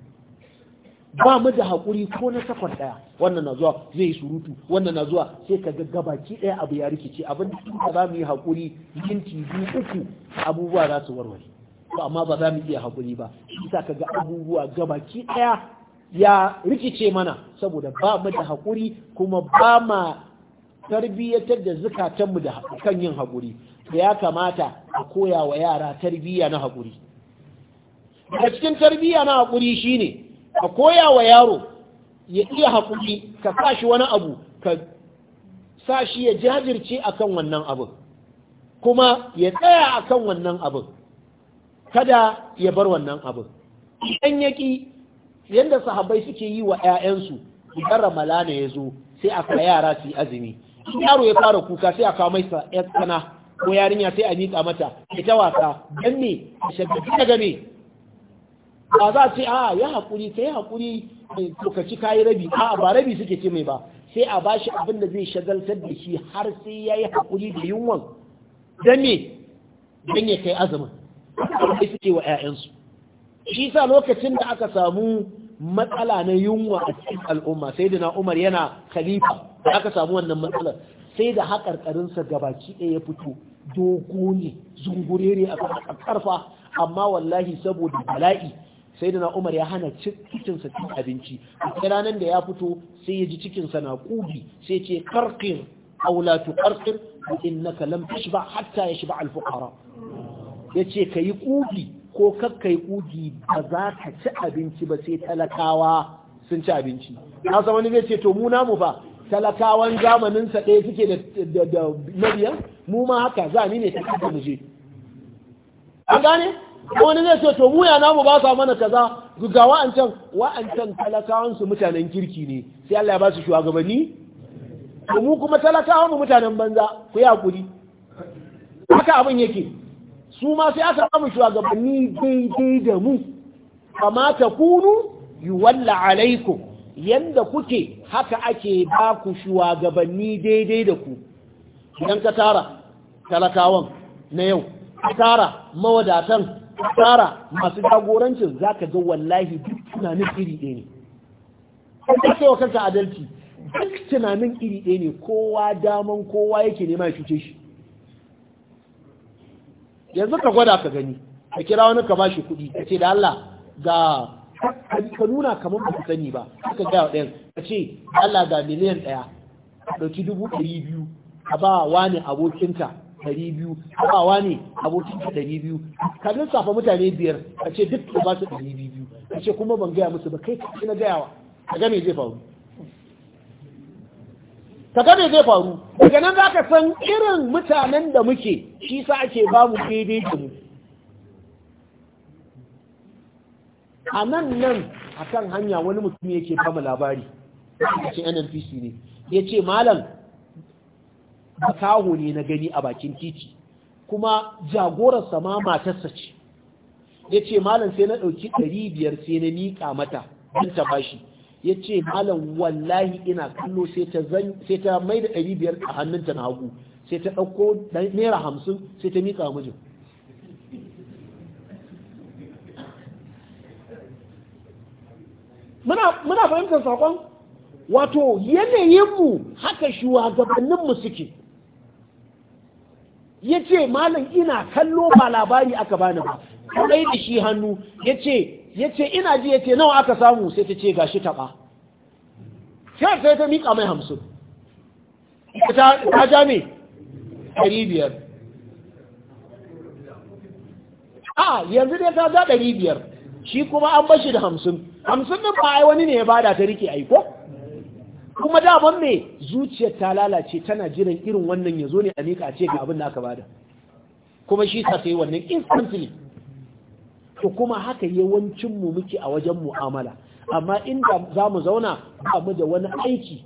ba mu da hakuri ko na sakon ɗaya wannan na zuwa zai surutu wannan na zuwa sai ka ga baki ɗaya abu ya rikice abin da kuma za mu yi hakuri minti biyu uku abubuwa za su warware to amma ba za mu iya hakuri ba shi ka ga abubuwa gabaki ɗaya ya rikice mana saboda ba mu da haƙuri kuma ba ma tarbiyyatar da zukatanmu da kan yin haƙuri da ya kamata a koya wa yara tarbiyya na haƙuri daga cikin tarbiyya na haƙuri shine a koya wa yaro ya iya haƙuri ka sa shi wani abu ka sa shi ya jajirce akan wannan abin kuma ya tsaya akan wannan abin kada ya bar wannan abin idan ya ƙi yadda sahabai suke yi wa 'ya'yansu idan ramalana ya zo sai a yara su yi azumi su yaro ya fara kuka sai a kawo mai tsana ko yarinya sai a miƙa mata ya ta wasa dan me a shaggaci daga me ba za a ce a ya haƙuri yi haƙuri to ka ci kayi rabi a ba rabi suke ce mai ba sai a bashi abin da zai shagaltar da shi har sai ya yi haƙuri da yunwan dan me dan ya kai azumin sai suke wa 'ya'yansu shi sa lokacin da aka samu matsala na yunwa a cikin al'umma sai da umar yana khalifa da aka samu wannan matsalar sai da haƙarƙarinsa gabaci ɗaya ya fito dogo ne zungurere a ƙarfa amma wallahi saboda bala'i sai da umar ya hana cikinsa cin abinci a ranar da ya fito sai ya ji cikinsa na ƙubi, sai ce karkir aulatu karkir innaka lam tashba hatta ya shiba fuqara yace kayi ƙubi. ko kakkai kugi ba za ka ci abinci ba sai talakawa sun ci abinci na san wani zai ce to mu namu fa talakawan zamaninsa ɗaya suke da mabiyan mu ma haka za ni ne ta kasa mu je an gane wani zai ce to mu ya namu ba sa mana kaza ga wa'ancan wa'ancan talakawan su mutanen kirki ne sai Allah ya ba su shugabanni to mu kuma talakawan mu mutanen banza ku yi hakuri haka abin yake su ma sai aka samu shugabanni daidai da mu kama ta kunu yi walla alaikum yanda kuke haka ake ba ku shugabanni daidai da ku idan ka tara talakawan na yau ka tara mawadatan ka tara masu jagorancin za ka ga wallahi duk tunanin iri ɗaya ne ka sai wa kanka adalci duk tunanin iri ɗaya ne kowa daman kowa yake nema ya cuce shi yanzu ka gwada ka gani ka kira wani ka bashi kuɗi ka ce da Allah ga ka nuna kamar ba ku sani ba ka ga wa ɗayan ka ce Allah ga miliyan ɗaya ɗauki dubu ɗari biyu ka ba wani abokinka ɗari biyu ka ba wani abokinka ɗari biyu ka lissafa mutane biyar ka ce duk ka ba su ɗari biyu ka ce kuma ban gaya musu ba kai ka na wa. ka ga me zai faru ka ga me zai faru daga nan zaka san irin mutanen da muke shi sa ake ba mu daidai da mu a nan nan a kan hanya wani mutum yake ba mu labari a ce nnpc ne ya ce malam makaho ne na gani a bakin titi kuma jagorarsa ma matarsa ce ya ce malam sai na ɗauki ɗari biyar sai na mika mata don ta bashi ya ce malam wallahi ina kallo sai ta mai da ɗari biyar a hannunta na hagu sai ta ɗauko naira hamsin sai ta miƙa mijin muna fahimtar saƙon wato yanayinmu haka shugabanninmu suke ya ce malam ina kallo ba labari aka bani ba Kawai da shi hannu ya ce ya ce ina ji ya ce nawa aka samu sai ta ce gashi taɓa sai sai ta miƙa mai hamsin ta ja ne? ɗari biyar a yanzu dai ta za ɗari biyar shi kuma an bashi da hamsin hamsin ɗin ba ai wani ne ya bada ta rike aiko kuma daman me zuciyar ta lalace tana jiran irin wannan ya zo ne a miƙa ce ga abin da aka bada kuma shi ta sai wannan instantly to kuma haka yawancin mu muke a wajen mu'amala amma inda za mu zauna ba mu da wani aiki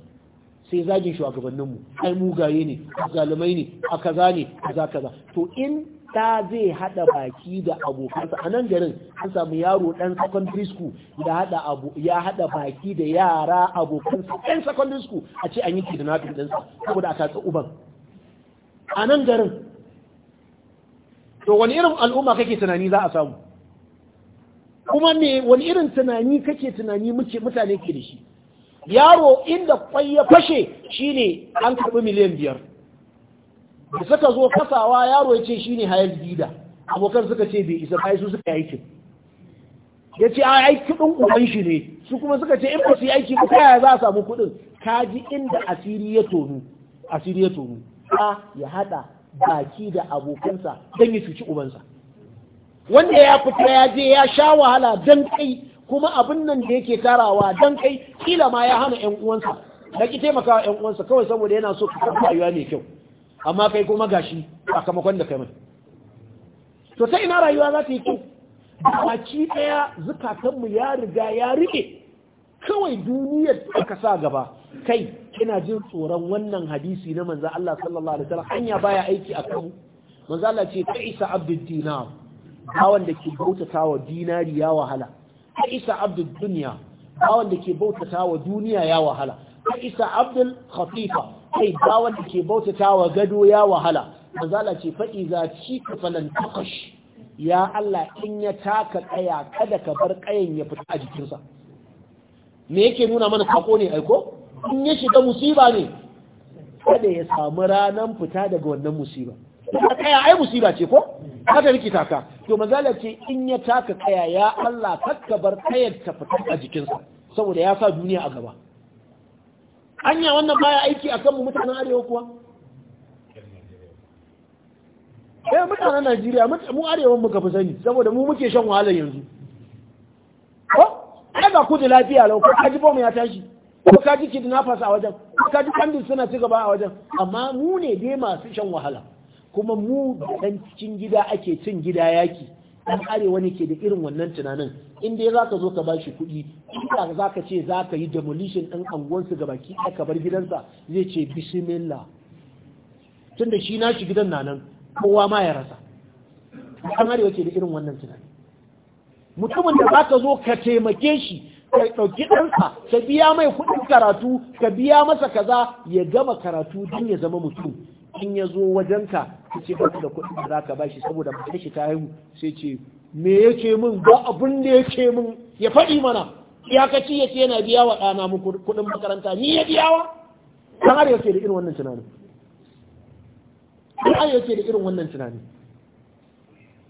sai zagin shugabanninmu ai mugaye ne zalimai ne a kaza ne kaza kaza to in ta zai hada baki da abokansa a nan garin an samu yaro dan secondary school ya hada abu ya hada baki da yara abokansa dan secondary school a ce an yi kidnapping din sa saboda aka tsa uban a nan garin to wani irin al'umma kake tunani za a samu kuma me wani irin tunani kake tunani muke mutane ke da shi yaro inda kwai ya fashe shine an karbi miliyan biyar da suka zo kasawa yaro ya ce shi ne hayar gida abokan suka ce bai isa bai su suka yi aikin ya ce a aiki ɗin uban shi ne su kuma suka ce in ba su yi aiki ba kaya za a samu kuɗin ka ji inda asiri ya tonu asiri ya tonu ya haɗa baki da abokansa don ya cuci ubansa wanda ya fita ya je ya sha wahala dan kai kuma abin nan da yake tarawa dan kai kila ma ya hana 'yan uwansa da ki taimaka wa yan uwansa kawai saboda yana so ka samu rayuwa mai kyau amma kai kuma gashi sakamakon da kai mai to ta ina rayuwa za ta yi kyau ci daya zukatanmu ya riga ya rike kawai duniyar aka sa gaba kai ina jin tsoron wannan hadisi na manzo Allah sallallahu alaihi wasallam hanya baya aiki a manzo Allah ce ta isa abdul dinar bawan da ke bautata wa dinari ya wahala ka isa abdul duniya bawan da ke bautata wa duniya ya wahala ka isa abdul khatifa kai bawan da ke bautata wa gado ya wahala mazala ce faɗi za ci ka falan takash ya Allah in ya taka kaya kada ka bar kayan ya fita a jikinsa me yake nuna mana sako ne aiko in ya shiga musiba ne kada ya samu ranar fita daga wannan musiba ka kaya ai musiba ce ko haka rikita taka. to manzala ce in ya taka kaya ya Allah kakka bar kayar ta fita a jikinsa saboda ya sa duniya a gaba anya wannan baya aiki akan mu mutanen arewa kuwa eh mutanen Najeriya mu arewa muka fi sani saboda mu muke shan wahala yanzu ko ai ga da lafiya lau ko kaji bomu ya tashi ko kaji kidnappers a wajen ko kaji kandil suna ci gaba a wajen amma mu ne dai masu shan wahala kuma mu dan cikin gida ake cin gida yaki dan arewa ne ke da irin wannan tunanin in dai zaka zo ka bashi kuɗi inda zaka ce zaka yi demolition din anguwansu ga baki ka bar gidansa zai ce bismillah tunda shi nashi gidan na nan kowa ma ya rasa dan arewa ke da irin wannan tunanin. mutumin da zaka zo ka taimake shi ka ɗauki ɗansa ka biya mai kuɗin karatu ka biya masa kaza ya gama karatu don ya zama mutum in ya zo wajenka kace ba da kuɗin da zaka ba shi saboda mata shi ta haihu sai ce me yake min ba abun da yake min ya faɗi mana ya ya ce yana biya wa ɗana mu kuɗin makaranta ni ya biya wa kan har yake da irin wannan tunanin kan har yake da irin wannan tunanin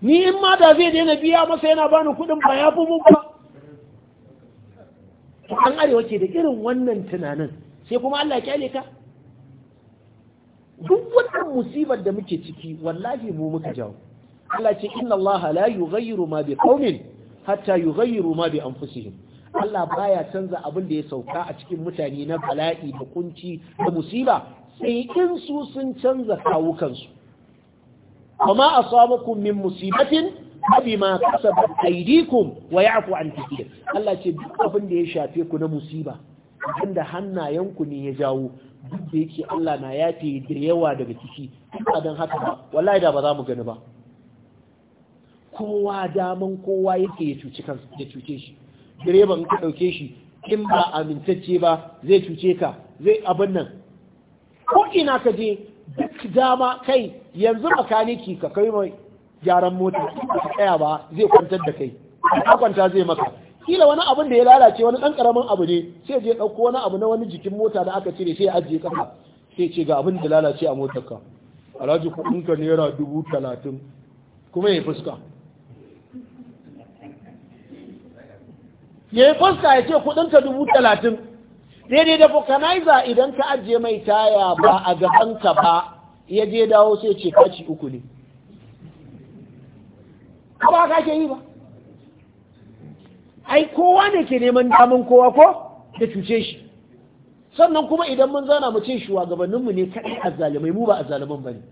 ni in ma da zai daina biya masa yana bani kuɗin ba ya fi mun ba an arewa ke da irin wannan tunanin sai kuma Allah ya kyale ka duk wannan musibar da muke ciki wallahi mu muka jawo Allah ce inna Allah la yughayyiru ma bi qaumin hatta yughayyiru ma bi anfusihim Allah baya canza abin da ya sauka a cikin mutane na bala'i da kunci da musiba sai in su sun canza kawukansu kama asabakum min musibatin bima kasabat aydikum wa ya'fu an kathir Allah ce duk abin da ya shafe ku na musiba abinda hannayenku ne ya jawo duk da yake Allah na yafe da yawa daga ciki ba don haka ba wallahi da ba za mu gani ba kowa daman kowa yake ya cuci kansa ya cuce shi direban in ka dauke shi in ba amintacce ba zai cuce ka zai abin nan ko ina ka je duk dama kai yanzu makaniki ka kai mai gyaran mota ka tsaya ba zai kwantar da kai ka kwanta zai maka kila wani abin da ya lalace wani dan karamin abu ne sai je dauko wani abu na wani jikin mota da aka cire sai ya ajiye kafa sai ce ga abin da lalace a motar ka alhaji kudin ka naira dubu talatin kuma ya fuska ya yi fuska ya ce kudin ka dubu talatin daidai da vulcanizer idan ka ajiye mai taya ba a gaban ka ba ya je dawo sai ce kaci uku ne ba ka ke yi ba ai kowa ne ke neman daman kowa ko da cuce shi sannan kuma idan mun zana mu ce shugabanninmu ne kaɗai azzalumai mu ba ba bane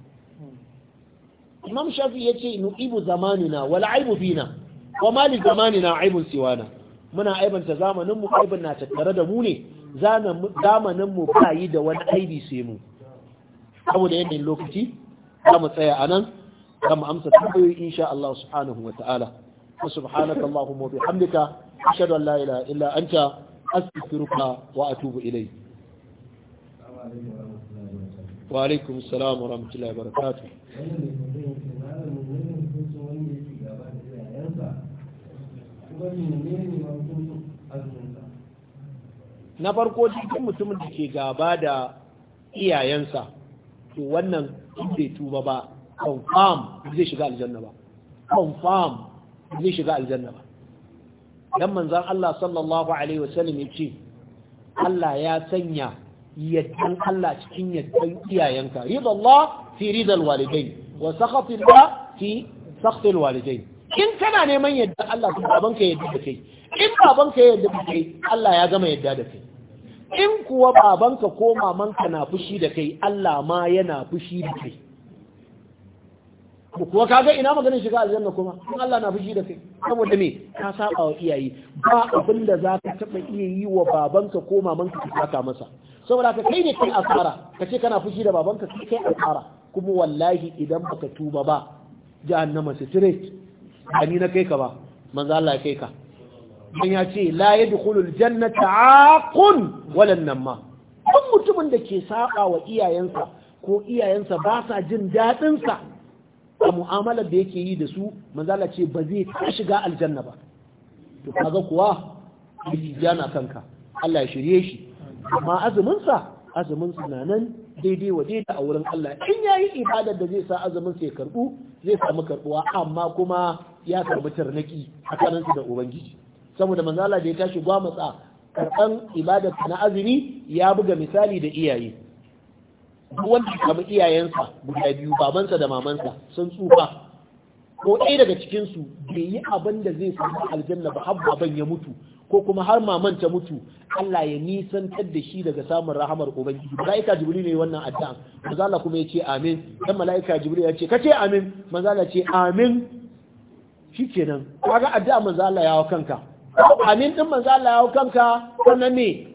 imam shafi ya ce ibu zamanina wal aibu fina wa mali zamanina aibun siwana muna aibanta zamaninmu aibin na tattare da mu ne zamaninmu ba yi da wani aibi sai mu saboda yanayin lokaci za mu tsaya anan, nan za mu amsa tambayoyi insha Allah subhanahu wa ta'ala subhanaka allahumma na farko cikin mutumin da ke gaba da iyayensa to wannan in bai tuba ba confirm zai shiga aljanna ba confirm zai shiga aljanna ba dan manzon Allah sallallahu alaihi wasallam yace Allah ya sanya yaddan Allah cikin yaddan iyayenka rida Allah fi rida alwalidain wa sakhat Allah fi sakhat alwalidain in kana neman yadda Allah to babanka yadda da kai in babanka yadda da kai Allah ya gama yadda da kai in kuwa babanka ko mamanka na fushi da kai Allah ma yana fushi da kai kuwa kaga ina maganin shiga aljanna kuma in Allah na fushi da kai saboda me ka saba wa iyaye ba abin da za ka taba iya yi wa babanka ko mamanka ka saka masa saboda ka kai ne kai asara ka ce kana fushi da babanka kai kai asara kuma wallahi idan baka tuba ba jahannama straight ba ni na kai ka ba manzo Allah ya kai ka dan ya ce la yadkhulul jannata aqun wala namma mutumin da ke saba wa iyayensa ko iyayensa ba sa jin sa a mu'amalar da yake yi da su manzala ce ba zai ta shiga aljanna ba to kaga kuwa ya na kanka Allah ya shirye shi amma azumin sa azumin sa na nan daidai wa daidai a wurin Allah in yayi ibadar da zai sa azumin sa ya karbu zai samu karbuwa amma kuma ya karbi tarnaki tsakanin da ubangiji saboda manzala da ya tashi gwamatsa karban ibadar na azumi ya buga misali da iyaye duk wanda ya samu iyayensa guda biyu babansa da mamansa sun tsufa ko ɗaya daga cikinsu bai yi abin da zai samu aljanna ba har baban ya mutu ko kuma har maman ta mutu Allah ya nisan da shi daga samun rahamar ubangiji malaika jibril ne wannan addu'a manzo Allah kuma yace amin dan malaika jibril ya ce kace amin manzo Allah ce amin shikenan kaga addu'a manzo Allah ya hawo kanka amin din manzo Allah ya hawo kanka wannan ne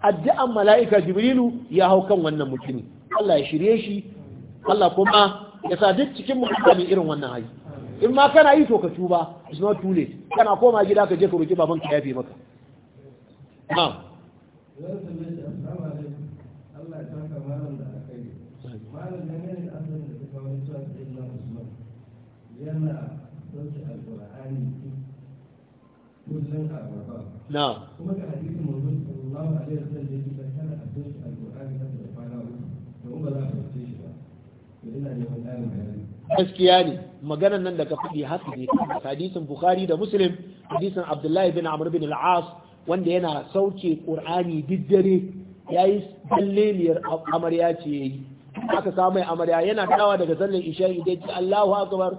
addu'an malaika jibrilu ya hawo kan wannan mutumin. Allah ya shirye shi Allah kuma ya sa duk cikin mu'amala irin wannan hali in ma kana yi to ka tuba is not too late kana koma gida ka je ka roki baban ka yafe maka na'am Na. Kuma ga hadisin Muhammad sallallahu alaihi wasallam gaskiya ne maganan nan daga ka faɗi haka ne hadisin bukhari da muslim hadisin abdullahi bin amr bin al-as wanda yana sauke qur'ani diddare yayi dalliliyar amarya ce yayi aka samu mai amarya yana dawa daga sallar isha idan ce Allahu akbar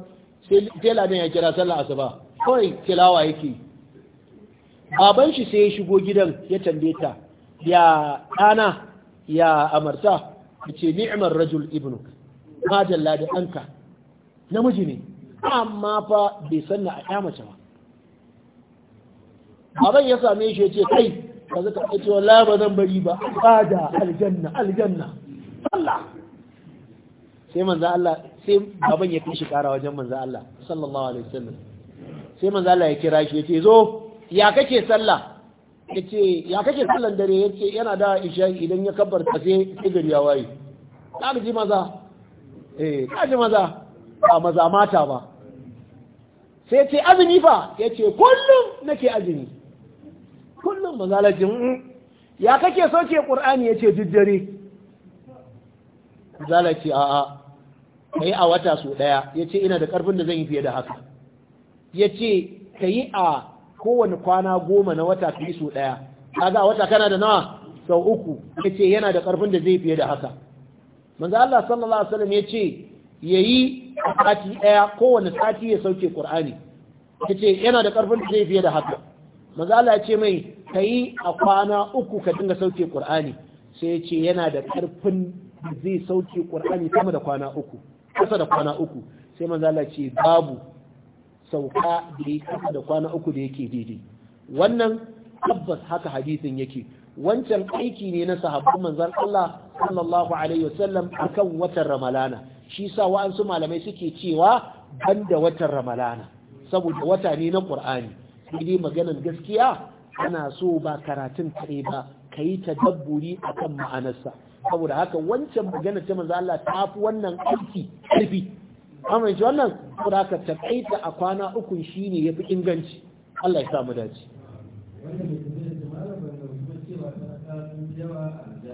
sai tela ne ya kira sallar asuba kawai tilawa yake baban shi sai ya shigo gidan ya tambaye ta ya ɗana ya amarta ce ni'mar rajul ibnuka majalla da ɗanka namiji ne amma fa bai sanna a ƙyamace ba abin ya same shi ya ce kai ka zaka ka ce laba zan bari ba bada aljanna aljanna Allah sai manzo Allah sai abin ya kishi kara wajen manzo Allah sallallahu alaihi wasallam sai manzo Allah ya kira shi yace zo ya kake sallah yace ya kake sallan dare yace yana da isha idan ya ta sai gari ya waye kaga ji maza eh kaji maza ba maza mata ba sai ce azumi fa ya ce kullum nake azumi kullum mazalajin ya kake sauke ƙur'ani ya ce diddare zalaci a'a ka yi a wata su ɗaya ya ina da ƙarfin da zan yi fiye da haka ya ce ka yi a kowane kwana goma na wata fi su ɗaya kaga a wata kana da nawa sau uku yace yana da ƙarfin da zai fiye da haka manzo Allah sallallahu alaihi wasallam yace yayi sati daya kowanne sati ya sauke Qur'ani yace yana da karfin da fiye da haka manzo Allah yace mai kai a kwana uku ka dinga sauke Qur'ani sai yace yana da karfin zai sauke Qur'ani sama da kwana uku kasa da kwana uku sai manzo Allah ce babu sauka da da kwana uku da yake daidai wannan tabbas haka hadisin yake wancan aiki ne na sahabban manzon Allah sallallahu alaihi wasallam akan watan ramalana shi sa wa'ansu malamai suke cewa banda watan ramalana saboda wata ne na qur'ani sai maganar gaskiya ana so ba karatun kare ba kai tadabburi akan ma'anarsa saboda haka wancan magana ta manzo Allah ta fi wannan aiki karfi amma shi wannan saboda ka taƙaita a kwana uku shine yafi inganci Allah ya samu dace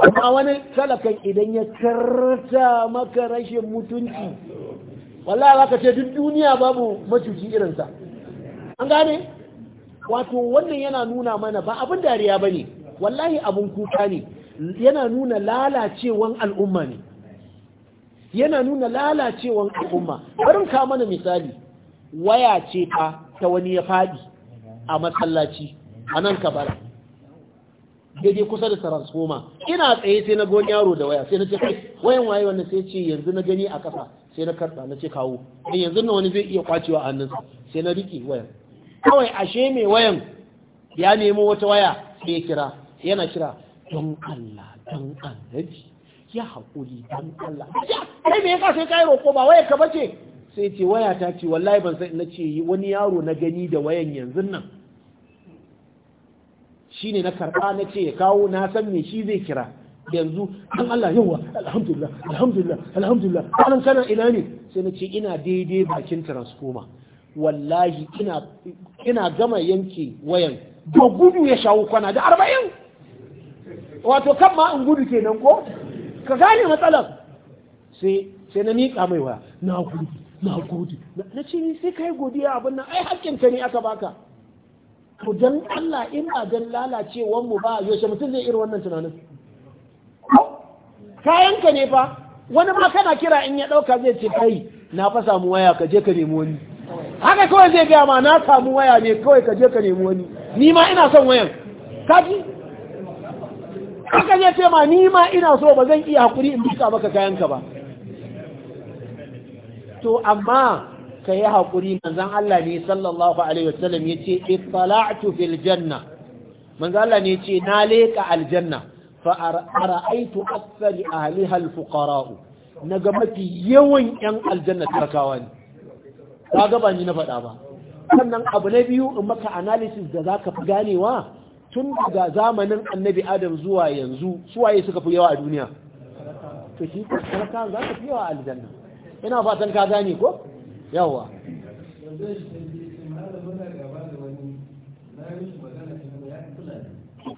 amma wani talakan idan ya karta maka rashin mutunci wallahi za ka ce duk duniya babu macuci irinsa an gane wato wannan yana nuna mana ba abin dariya ba ne wallahi abin kuka ne yana nuna lalacewan al'umma ne yana nuna lalacewan al'umma barin ka mana misali waya ce ta ta wani ya faɗi a masallaci a nan kabara daidai kusa da transformer ina tsaye sai na gon yaro da waya sai na ce wayan waye wannan sai ce yanzu na gani a kasa sai na karba na ce kawo dan yanzu na wani zai iya kwacewa a hannunsa sai na rike wayan kawai ashe mai wayan ya nemo wata waya sai ya kira yana kira don Allah don annabi ya haƙuri don Allah kai me yasa sai kai roƙo ba waya ka bace sai ce waya ta ce wallahi ban san na ce wani yaro na gani da wayan yanzu nan Shi ne na karɓa na ce ya kawo na san me shi zai kira yanzu an Allah yawa alhamdulillah alhamdulillah alhamdulillah anan kana ina ne sai na ce ina daidai bakin transformer wallahi ina gama yanke wayan da gudu ya shawo kwana da arba'in wato kan ma in gudu kenan ko ka gane matsalar sai na miƙa mai waya na gudu na gudu na ce sai kai godiya abin nan ai hakkin ne aka baka to dan Allah ina dan lalacewar mu ba yaushe mutum zai irin wannan tunanin kayan ka ne fa wani ma kana kira in ya dauka zai ce kai na fa samu waya ka je ka nemi wani haka kawai zai gaya ma na samu waya ne kawai ka je ka nemi wani ni ma ina son wayan kaji haka zai ce ma ni ma ina so ba zan iya hakuri in ka maka kayan ka ba to amma ka yi haƙuri manzan Allah ne sallallahu alaihi wasallam ya ce ittala'tu fil janna manzan Allah ne ce na leƙa aljanna fa asari a ahliha al-fuqara'u naga mafi yawan yan aljanna tarkawa ne kaga ba ni na faɗa ba sannan abu na biyu in maka analysis da zaka fi ganewa tun daga zamanin annabi adam zuwa yanzu suwaye suka fi yawa a duniya to shi ka za ka fi yawa aljanna ina fatan ka gane ko yawa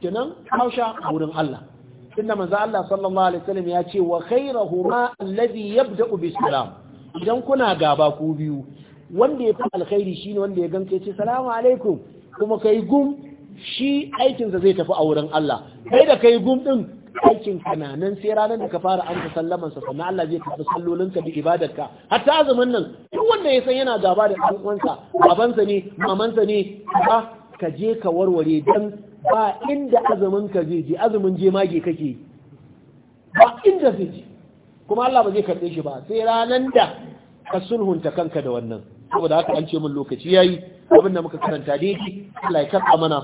kenan hausha a wurin Allah inda manzo Allah sallallahu alaihi wasallam ya ce wa khairuhuma alladhi yabda'u bisalam idan kuna gaba ku biyu wanda ya fi alkhairi shine wanda ya gamce ce salamu alaikum kuma kai gum shi aikinsa zai tafi a wurin Allah kai da kai gum din aikin kananan sai ranar da ka fara an sallaman sa sannan Allah zai tafi sallolinka da ibadarka hatta azumin nan duk wanda ya san yana gaba da ɗan uwansa babansa ne mamansa ne ba ka je ka warware dan ba inda azumin ka zai je azumin je mage kake ba inda zai je kuma Allah ba zai karɓe shi ba sai ranar da ka sulhunta kanka da wannan saboda haka an ce mun lokaci yayi abin da muka karanta da yake Allah ya karɓa mana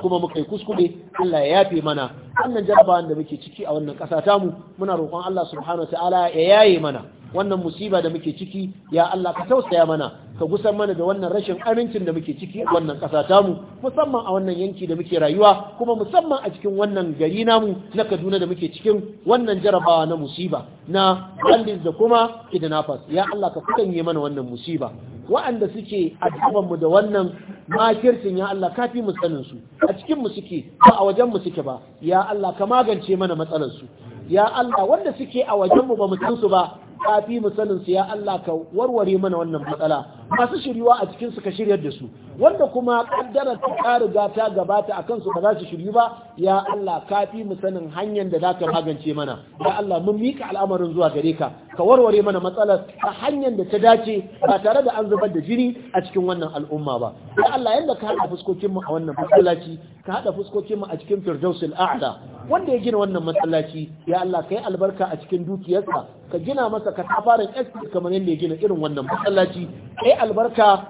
kuma muka yi kuskure Allah ya yafe mana wannan jarabawan da muke ciki a wannan ƙasa tamu muna roƙon Allah subhanahu wa ta'ala ya yaye mana wannan musiba da muke ciki ya Allah ka tausaya mana ka gusan mana da wannan rashin amincin da muke ciki a wannan ƙasa tamu musamman a wannan yanki da muke rayuwa kuma musamman a cikin wannan gari namu na Kaduna da muke cikin wannan jarabawa na musiba na bandits da kuma kidnappers ya Allah ka yi mana wannan musiba wa'anda suke cikin mu da wannan makircin ya Allah kafi mu sanin su a cikin mu suke ba a wajen mu suke ba ya Allah ka magance mana matsalar su ya Allah wanda suke a wajen mu ba mu san su ba Kafi fi ya Allah ka warware mana wannan matsala masu shiryuwa a cikin su ka shiryar da su wanda kuma kaddara ta riga ta gabata a kansu ba za su shiryu ba ya Allah kafi mu sanin hanyar da zaka magance mana ya Allah mun mika al'amarin zuwa gare ka ka warware mana matsalar ta hanyar da ta dace ba tare da an zubar da jini a cikin wannan al'umma ba ya Allah yadda ka haɗa fuskokin mu a wannan masallaci ka haɗa fuskokin mu a cikin firdausul a'la wanda ya gina wannan matsalaci. ya Allah kai albarka a cikin dukiyarsa ka gina masa ka tafarin kamar yadda ya gina irin wannan masallaci kai albarka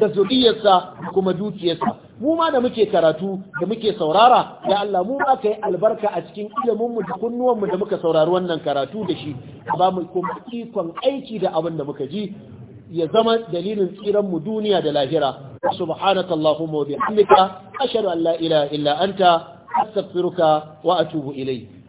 da zuriyarsa kuma dukiyarsa mu ma da muke karatu da muke saurara ya Allah mu ma kai albarka a cikin iliminmu da kunnuwanmu da muka saurari wannan karatu da shi ba mu kuma ikon aiki da abin da muka ji ya zama dalilin tsiran mu duniya da lahira subhanaka allahumma wa bihamdika ashhadu an la ilaha illa anta astaghfiruka wa atubu ilayk